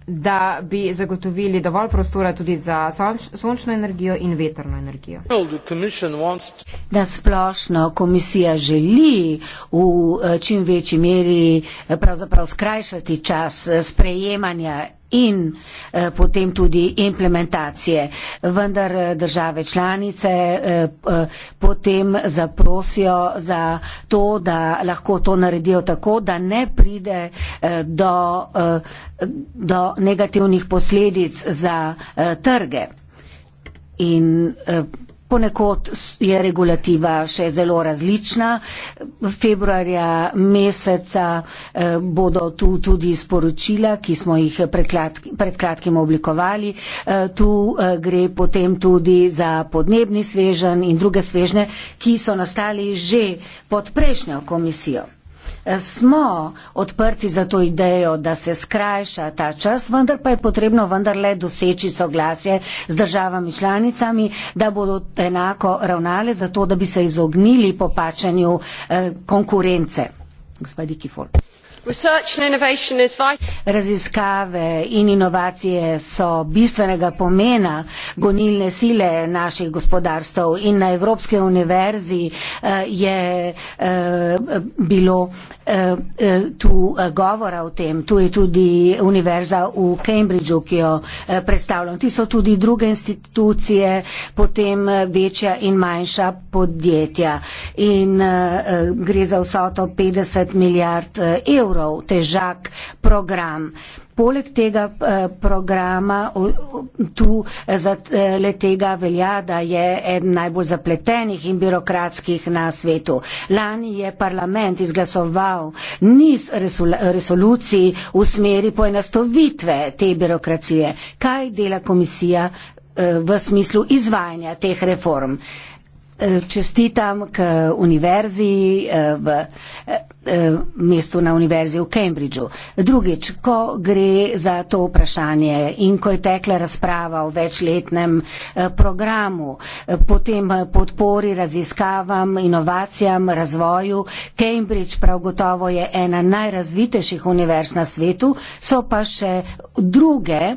da bi zagotovili dovolj prostora tudi za sonč, sončno energijo in veterno energijo. Da splošno komisija želi v eh, čim večji meri eh, pravzaprav skrajšati čas eh, sprejemanja in eh, potem tudi implementacije. Vendar eh, države članice eh, eh, potem zaprosijo za to, da lahko to naredijo tako, da ne pride eh, do, eh, do negativnih posledic za eh, trge. In, eh, ponekod je regulativa še zelo različna. Februarja meseca eh, bodo tu tudi sporočila, ki smo jih pred kratkim oblikovali. Eh, tu eh, gre potem tudi za podnebni svežen in druge svežne, ki so nastali že pod prejšnjo komisijo smo odprti za to idejo, da se skrajša ta čas, vendar pa je potrebno vendarle doseči soglasje z državami članicami, da bodo enako ravnale za to, da bi se izognili popačanju eh, konkurence. Gospodi Kifol. Raziskave in inovacije so bistvenega pomena, gonilne sile naših gospodarstv in na Evropske univerzi eh, je eh, bilo eh, tu govora o tem. Tu je tudi univerza v Cambridgeu, ki jo predstavljam. Ti so tudi druge institucije, potem večja in manjša podjetja. In gre za vsoto 50 milijard evrov evrov težak program. Poleg tega eh, programa, tu eh, za eh, le tega velja, da je eden najbolj zapletenih in birokratskih na svetu. Lani je parlament izglasoval niz resolucij v smeri poenostovitve te birokracije. Kaj dela komisija v smislu izvajanja teh reform? čestitam k univerzi eh, v eh, eh, mestu na univerzi v Cambridgeu. Drugič, ko gre za to vprašanje in ko je tekla razprava o večletnem programu, potem podpori raziskavam, inovacijam, razvoju, Cambridge prav gotovo je ena najrazvitejših univerz na svetu, so pa še druge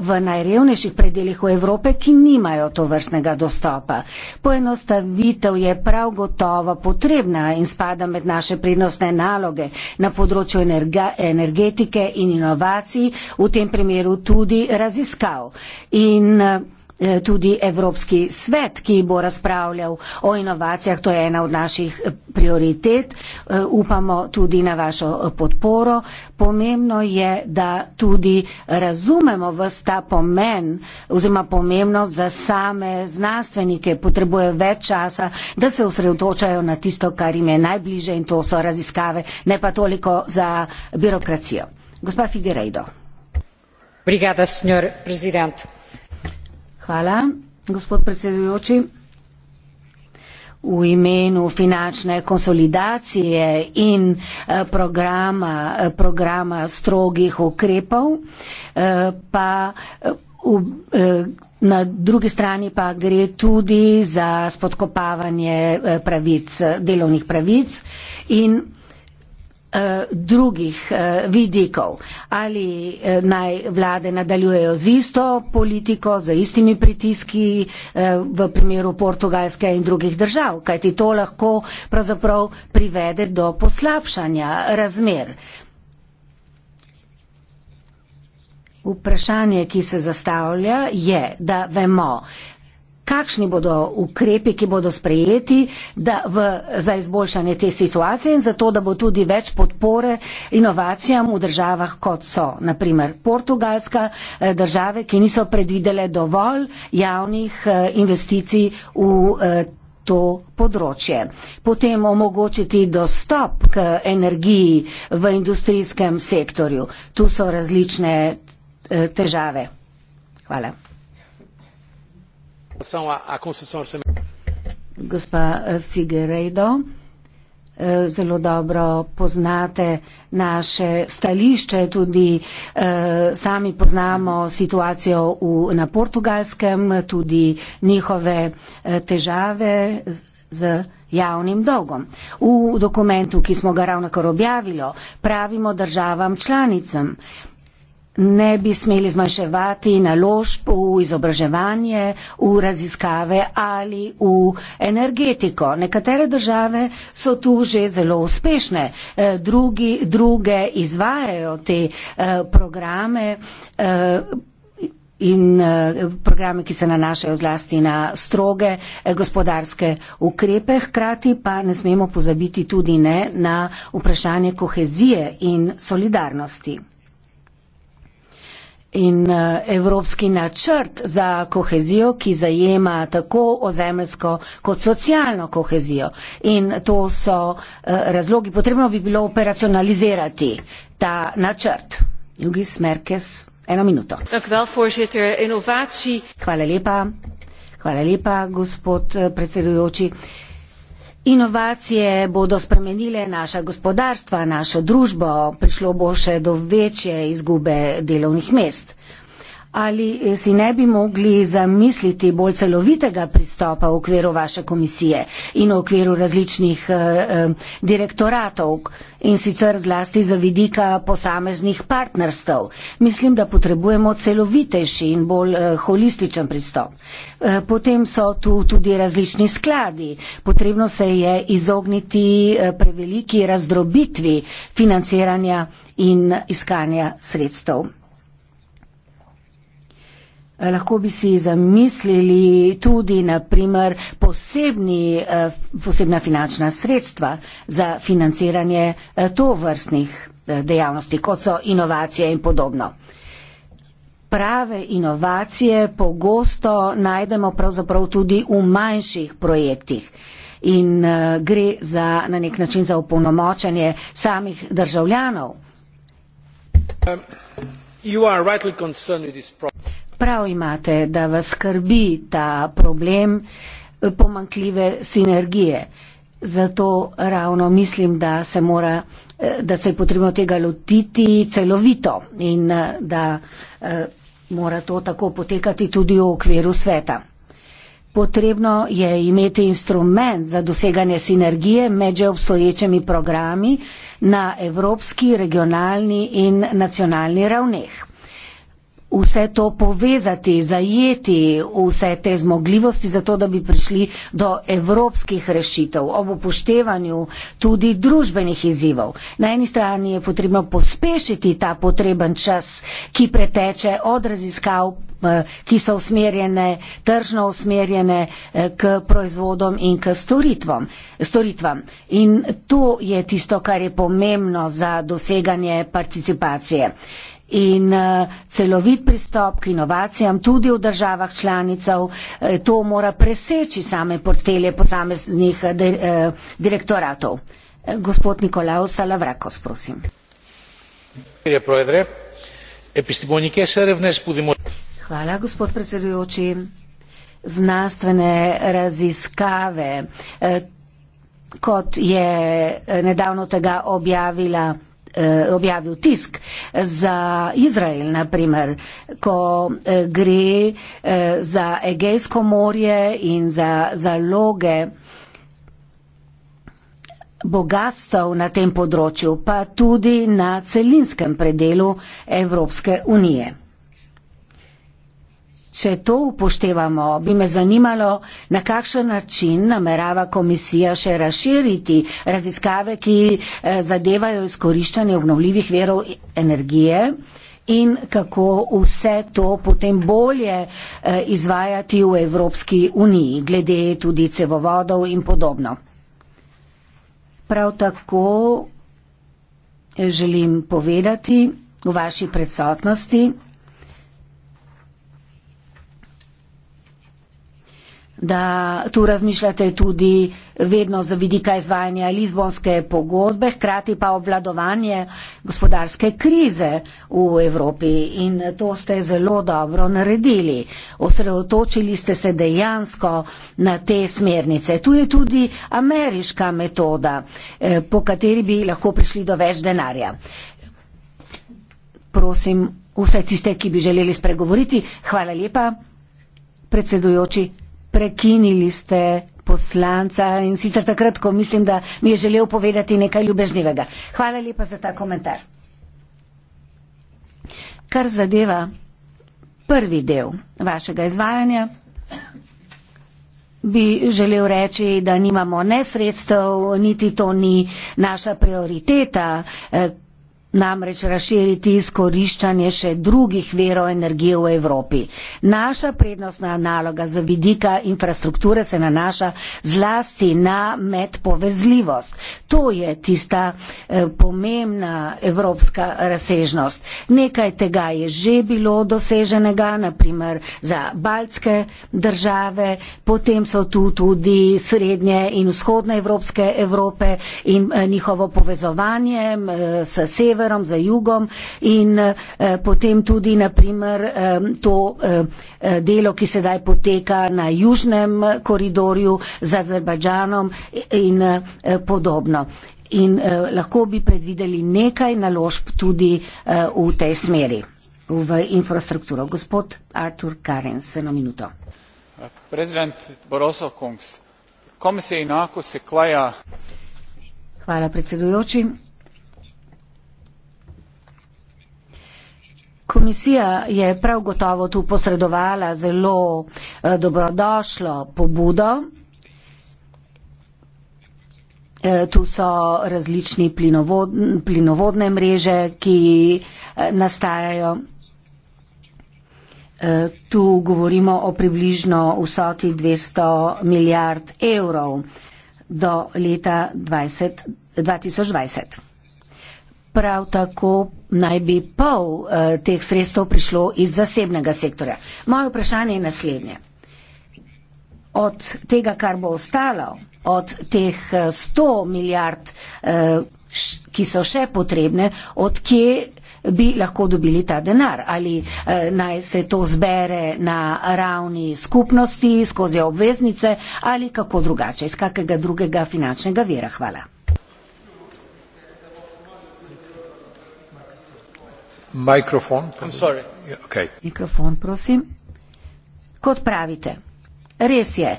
v najrevnejših predeljih v Evrope, ki nimajo to vrstnega dostopa. Poenostavljeno vzpostavitev je prav gotovo potrebna in spada med naše prednostne naloge na področju energe, energetike in inovacij, v tem primeru tudi raziskav. In, uh, Eh, tudi Evropski svet, ki bo razpravljal o inovacijah, to je ena od naših eh, prioritet. Eh, upamo tudi na vašo podporo. Pomembno je, da tudi razumemo vsta pomen oziroma pomembnost za same znanstvenike, potrebujejo več časa, da se osredotočajo na tisto, kar jim je najbliže in to so raziskave, ne pa toliko za birokracijo. Gospa Figueiredo. Brigada, gospod predsednik. Hvala, gospod predsedujoči. V imenu finančne konsolidacije in eh, programa, eh, programa strogih ukrepov, eh, pa v, na drugi strani pa gre tudi za spodkopavanje pravic, delovnih pravic in Eh, drugih eh, vidikov. Ali eh, naj vlade nadaljujejo z isto politiko, z istimi pritiski v primeru Portugalske in drugih držav, kajti to lahko pravzaprav privede do poslabšanja razmer. Vprašanje, ki se zastavlja, je, da vemo, kakšni bodo ukrepi, ki bodo sprejeti v, za izboljšanje te situacije in zato, da bo tudi več podpore inovacijam v državah, kot so naprimer Portugalska, eh, države, ki niso predvidele dovolj javnih eh, investicij v eh, to področje. Potem omogočiti dostop k energiji v industrijskem sektorju. Tu so različne težave. Hvala relação à, à concessão orçamental. Gospa eh, Figueiredo. Eh, zelo dobro poznate naše stališče, tudi eh, sami poznamo situacijo v, na portugalskem, tudi njihove eh, težave z, z javnim dolgom. V dokumentu, ki smo ga ravno kar objavili, pravimo državam članicam, ne bi smeli zmanjševati naložb v izobraževanje, v raziskave ali v energetiko. Nekatere države so tu že zelo uspešne, e, drugi, druge izvajajo te e, programe e, in programe, ki se nanašajo zlasti na stroge gospodarske ukrepe, hkrati pa ne smemo pozabiti tudi ne na vprašanje kohezije in solidarnosti in eh, evropski načrt za kohezijo, ki zajema tako ozemelsko kot socialno kohezijo. In to so eh, razlogi. Potrebno bi bilo operacionalizirati ta načrt. Jugis Merkes, eno minuto. Hvala lepa. Hvala lepa, gospod eh, predsedujoči. Inovacije bodo spremenile naša gospodarstva, našo družbo, prišlo bo še do večje izgube delovnih mest. Ali eh, si ne bi mogli zamisliti bolj celovitega pristopa v okviru vaše komisije in v okviru različnih eh, eh direktoratov in sicer zlasti za vidika posameznih partnerstv? Mislim, da potrebujemo celovitejši in bolj eh, holističen pristop. Eh, potem so tu tudi različni skladi. Potrebno se je izogniti eh, preveliki razdrobitvi financiranja in iskanja sredstev. Eh, lahko bi si zamislili tudi, naprimer, posebni, eh, posebna finančna sredstva za financiranje eh, tovrstnih dejavnosti, kot so inovacije in podobno. Prave inovacije pogosto najdemo pravzaprav tudi v manjših projektih in gre za, na nek način za upolnomočanje samih državljanov. Um, Prav imate, da vas skrbi ta problem eh, pomankljive sinergije. Zato ravno mislim, da se, mora, eh, da se je potrebno tega lotiti celovito in eh, da mora to tako potekati tudi v okviru sveta. Potrebno je imeti instrument za doseganje sinergije med že obstoječimi programi na evropski, regionalni in nacionalni ravneh vse to povezati, zajeti vse te zmogljivosti, zato da bi prišli do evropskih rešitev ob upoštevanju tudi družbenih izzivov. Na eni strani je potrebno pospešiti ta potreben čas, ki preteče od raziskav, eh, ki so usmerjene, tržno usmerjene eh, k proizvodom in k storitvom. storitvam. In to je tisto, kar je pomembno za doseganje participacije in eh, celovit pristop k inovacijam tudi v državah članicov. Eh, to mora preseči same portfelje posameznih eh, direktoratov. Gospod Nikolaus Alavrakos, prosim. Hvala, gospod predsedujoči. Znanstvene raziskave, kot je nedavno tega objavila Eh, objavil tisk za Izrael, na primer, ko eh, gre eh, za Egejsko morje in za zaloge bogatstv na tem področju, pa tudi na celinskem predelu Evropske unije. Če to upoštevamo, bi me zanimalo, na kakšen način namerava komisija še razširiti raziskave, ki eh, zadevajo izkoriščanje obnovljivih verov energije in kako vse to potem bolje eh, izvajati v Evropski uniji, glede tudi cevovodov in podobno. Prav tako eh, želim povedati v vaši predsotnosti, da tu razmišljate tudi vedno z vidika izvajanja Lizbonske pogodbe, hkrati pa obvladovanje gospodarske krize v Evropi in to ste zelo dobro naredili. Osredotočili ste se dejansko na te smernice. Tu je tudi ameriška metoda, eh, po kateri bi lahko prišli do več denarja. Prosim, vse tiste, ki bi želeli spregovoriti, hvala lepa, predsedujoči prekinili ste poslanca in sicer takrat, ko mislim, da mi je želel povedati nekaj ljubežnivega. Hvala lepa za ta komentar. Kar zadeva prvi del vašega izvajanja, bi želel reči, da nimamo ne sredstev, niti to ni naša prioriteta, eh, namreč razširiti izkoriščanje še drugih verov energije v Evropi. Naša prednostna naloga za vidika infrastrukture se nanaša zlasti na medpovezljivost. To je tista eh, pomembna evropska razsežnost. Nekaj tega je že bilo doseženega, naprimer za baltske države, potem so tu tudi srednje in vzhodne evropske Evrope in eh, njihovo povezovanje eh, s severom, severom, za jugom in eh, potem tudi naprimer eh, to eh, eh, delo, ki sedaj poteka na južnem koridorju z Azerbajdžanom in eh, podobno. In eh, lahko bi predvideli nekaj naložb tudi eh, v tej smeri, v infrastrukturo. Gospod Artur Karens, eno minuto. Hvala predsedujočim. komisija je prav gotovo tu posredovala zelo eh, dobrodošlo pobudo. Eh, tu so različni plinovod, plinovodne mreže, ki eh, nastajajo. Tu govorimo o približno vsoti 200 milijard evrov do leta 2020. 2020 prav tako naj bi pol eh, teh sredstev prišlo iz zasebnega sektorja. Moje vprašanje je naslednje. Od tega, kar bo ostalo, od teh 100 eh, milijard, eh, ki so še potrebne, odkje bi lahko dobili ta denar. Ali eh, naj se to zbere na ravni skupnosti skozi obveznice ali kako drugače, iz kakega drugega finančnega vira. Hvala. Mikrofon, prosim. Ja, Mikrofon, prosim. Kot pravite, res je,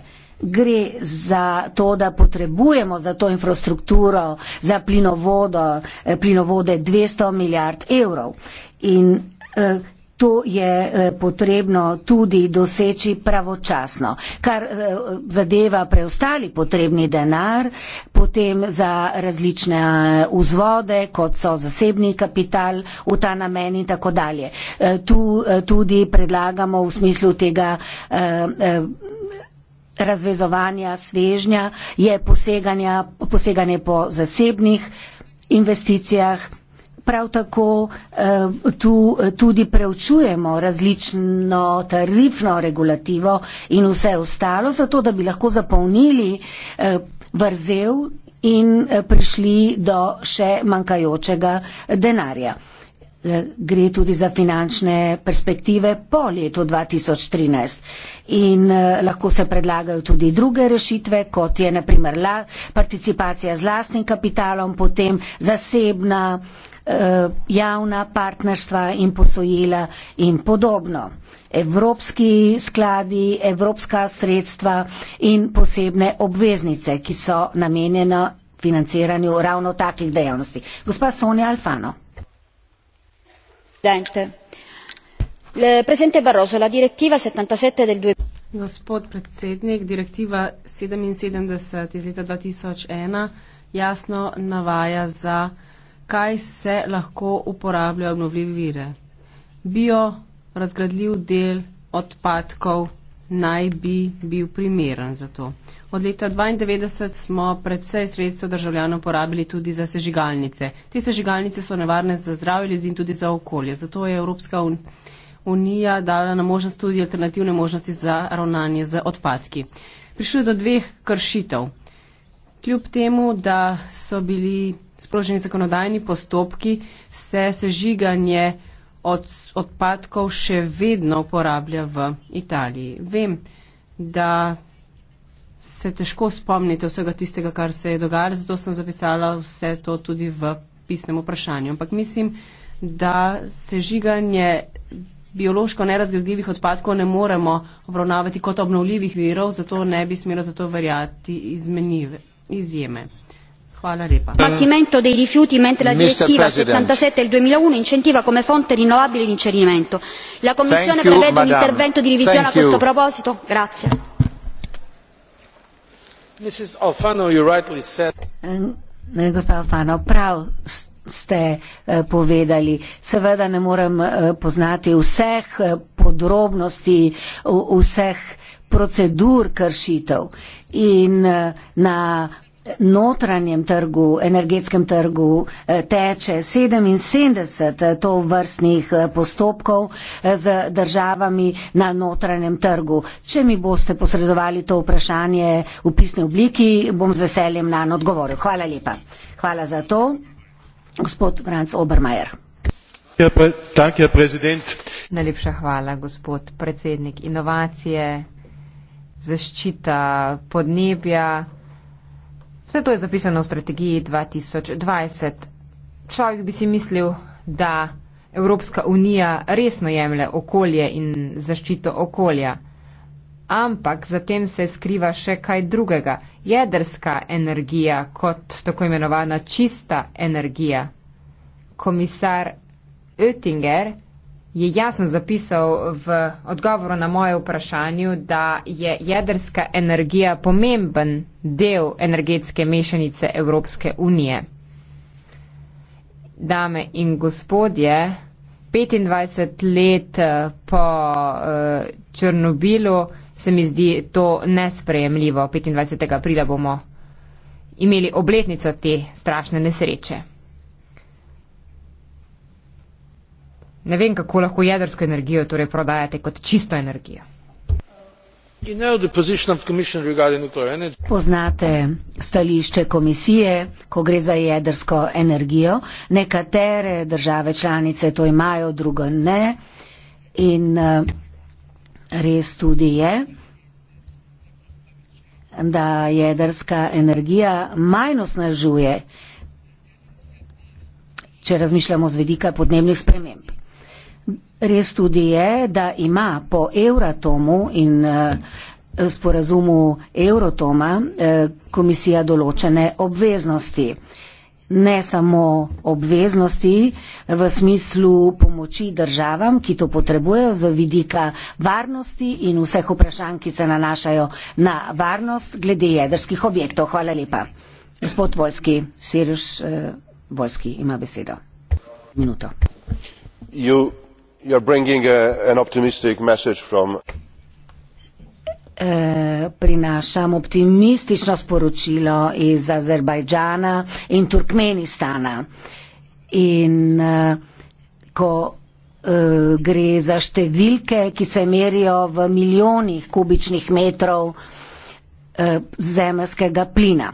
gre za to, da potrebujemo za to infrastrukturo, za plinovode eh, 200 milijard evrov. In eh, To je eh, potrebno tudi doseči pravočasno. Kar eh, zadeva preostali potrebni denar, potem za različne eh, vzvode, kot so zasebni kapital v ta namen in tako dalje. Tu tudi predlagamo v smislu tega razvezovanja svežnja, je poseganje po zasebnih investicijah prav tako eh, tu tudi preučujemo različno tarifno regulativo in vse ostalo, zato da bi lahko zapolnili eh, vrzel in eh, prišli do še manjkajočega denarja. Gre tudi za finančne perspektive po letu 2013 in lahko se predlagajo tudi druge rešitve, kot je naprimer participacija z lastnim kapitalom, potem zasebna Eh, javna partnerstva in posojila in podobno. Evropski skladi, evropska sredstva in posebne obveznice, ki so namenjene financiranju ravno takih dejavnosti. Gospa Sonja Alfano. Dente. Presidente Barroso, la direttiva 77 del 2000. Gospod predsednik, direktiva 77 iz leta 2001 jasno navaja za kaj se lahko uporablja obnovljive vire. Bio razgradljiv del odpadkov naj bi bil primeren za to. Od leta 1992 smo predvsej sredstvo državljanov porabili tudi za sežigalnice. Te sežigalnice so nevarne za zdravje ljudi in tudi za okolje. Zato je Evropska unija dala na možnost tudi alternativne možnosti za ravnanje z odpadki. Prišlo je do dveh kršitev kljub temu, da so bili sproženi zakonodajni postopki, se sežiganje od odpadkov še vedno uporablja v Italiji. Vem, da se težko spomnite vsega tistega, kar se je dogajalo, zato sem zapisala vse to tudi v pisnem vprašanju. Ampak mislim, da sežiganje biološko nerazgradljivih odpadkov ne moremo obravnavati kot obnovljivih virov, zato ne bi smelo za to verjati izmenjive izjeme. Hvala lepa. Spartimento dei rifiuti mentre la direttiva 77 del 2001 incentiva come fonte rinnovabile l'incenerimento. La Commissione you, prevede madame. un intervento di revisione Thank a questo you. proposito? Grazie. Mrs. Alfano, you rightly said... Eh, Gospod Alfano, prav ste eh, povedali. Seveda ne morem eh, poznati vseh podrobnosti, vseh procedur kršitev in eh, na notranjem trgu, energetskem trgu eh, teče 77 to vrstnih postopkov eh, z državami na notranjem trgu. Če mi boste posredovali to vprašanje v pisni obliki, bom z veseljem na odgovoril. Hvala lepa. Hvala za to. Gospod Franc Obermajer. Najlepša hvala, gospod predsednik inovacije, zaščita podnebja. Vse to je zapisano v strategiji 2020. Človek bi si mislil, da Evropska unija resno jemlje okolje in zaščito okolja. Ampak zatem se skriva še kaj drugega. Jedrska energija kot tako imenovana čista energija. Komisar Oettinger je jasno zapisal v odgovoru na moje vprašanje, da je jedrska energija pomemben del energetske mešanice Evropske unije. Dame in gospodje, 25 let eh, po uh, eh, Črnobilu se mi zdi to nesprejemljivo. 25. aprila bomo imeli obletnico te strašne nesreče. Ne vem, kako lahko jedrsko energijo torej prodajate kot čisto energijo. Poznate stališče komisije, ko gre za jedrsko energijo. Nekatere države članice to imajo, druge ne. In eh, res tudi je, da jedrska energija manj osnažuje, če razmišljamo z vedika podnebnih sprememb. Res tudi je, da ima po Euratomu in eh, sporazumu Eurotoma eh, komisija določene obveznosti. Ne samo obveznosti v smislu pomoči državam, ki to potrebujejo za vidika varnosti in vseh vprašanj, ki se nanašajo na varnost glede jedrskih objektov. Hvala lepa. Gospod Voljski, Sirjuš eh, Voljski ima besedo. Minuto. You you are bringing a, an optimistic message from eh, prinašam optimistično sporočilo iz Azerbajdžana in Turkmenistana. In eh, ko eh, gre za številke, ki se merijo v milijonih kubičnih metrov zemljskega plina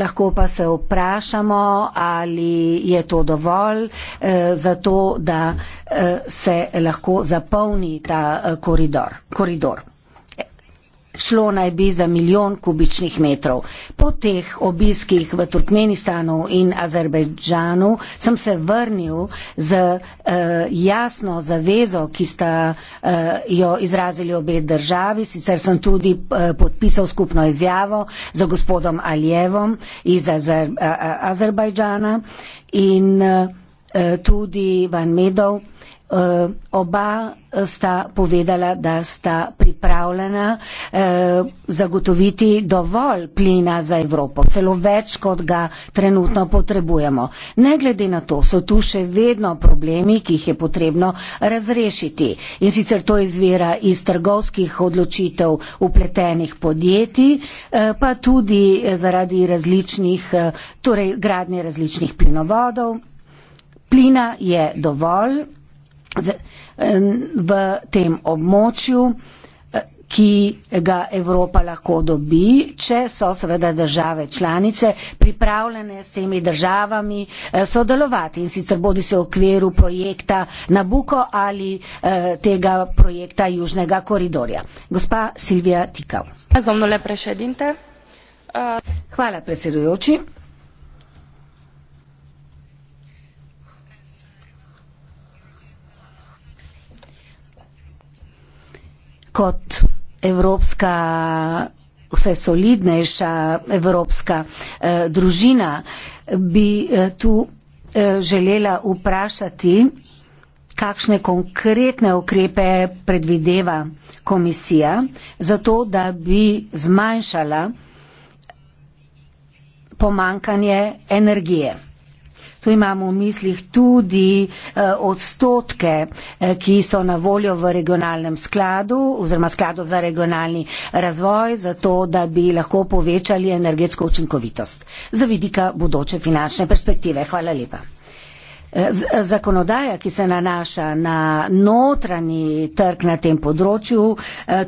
lahko pa se vprašamo, ali je to dovolj eh, za to, da eh, se lahko zapolni ta eh, koridor. koridor šlo naj bi za milijon kubičnih metrov. Po teh obiskih v Turkmenistanu in Azerbejdžanu sem se vrnil z eh, jasno zavezo, ki sta eh, jo izrazili obe državi. Sicer sem tudi eh, podpisal skupno izjavo z gospodom Aljevom iz Azerbejdžana in eh, tudi Van Medov. Eh, oba sta povedala, da sta pripravljena eh, zagotoviti dovolj plina za Evropo, celo več, kot ga trenutno potrebujemo. Ne glede na to, so tu še vedno problemi, ki jih je potrebno razrešiti. In sicer to izvira iz trgovskih odločitev upletenih podjetij, eh, pa tudi zaradi različnih, torej gradnje različnih plinovodov. Plina je dovolj v tem območju, eh, ki ga Evropa lahko dobi, če so seveda države članice pripravljene s temi državami eh, sodelovati in sicer bodi se v okviru projekta Nabuko ali eh, tega projekta Južnega koridorja. Gospa Silvija Tikal. Hvala predsedujoči. kot evropska vse solidnejša evropska eh, družina, bi eh, tu eh, želela vprašati, kakšne konkretne ukrepe predvideva komisija za to, da bi zmanjšala pomankanje energije tu imamo v mislih tudi eh, odstotke, eh, ki so na voljo v regionalnem skladu oziroma skladu za regionalni razvoj, zato da bi lahko povečali energetsko učinkovitost za vidika bodoče finančne perspektive. Hvala lepa. Eh, zakonodaja, ki se nanaša na notranji trg na tem področju,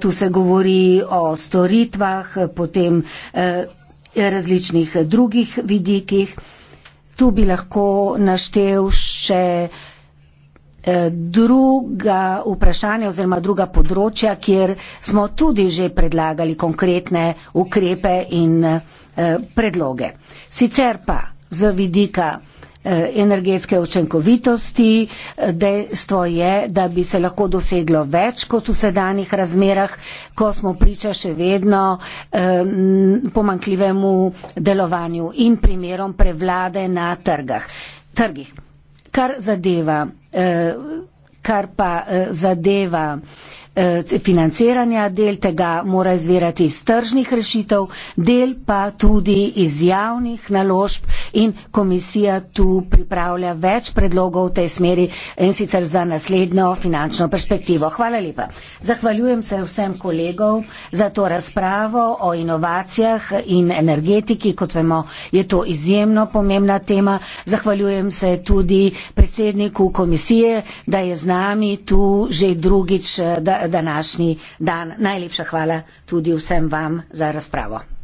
tu se govori o storitvah, potem različnih drugih vidikih. Tu bi lahko naštel še eh, druga vprašanja oziroma druga področja, kjer smo tudi že predlagali konkretne ukrepe in eh, predloge. Sicer pa z vidika Eh, energetske učinkovitosti. Dejstvo je, da bi se lahko doseglo več kot v sedanjih razmerah, ko smo priča še vedno eh, pomankljivemu delovanju in primerom prevlade na trgah. trgih. Kar, zadeva, eh, kar pa zadeva Eh, financiranja, del tega mora izvirati iz tržnih rešitev, del pa tudi iz javnih naložb in komisija tu pripravlja več predlogov v tej smeri in sicer za naslednjo finančno perspektivo. Hvala lepa. Zahvaljujem se vsem kolegov za to razpravo o inovacijah in energetiki, kot vemo, je to izjemno pomembna tema. Zahvaljujem se tudi predsedniku komisije, da je z nami tu že drugič. Da, današnji dan. Najlepša hvala tudi vsem vam za razpravo.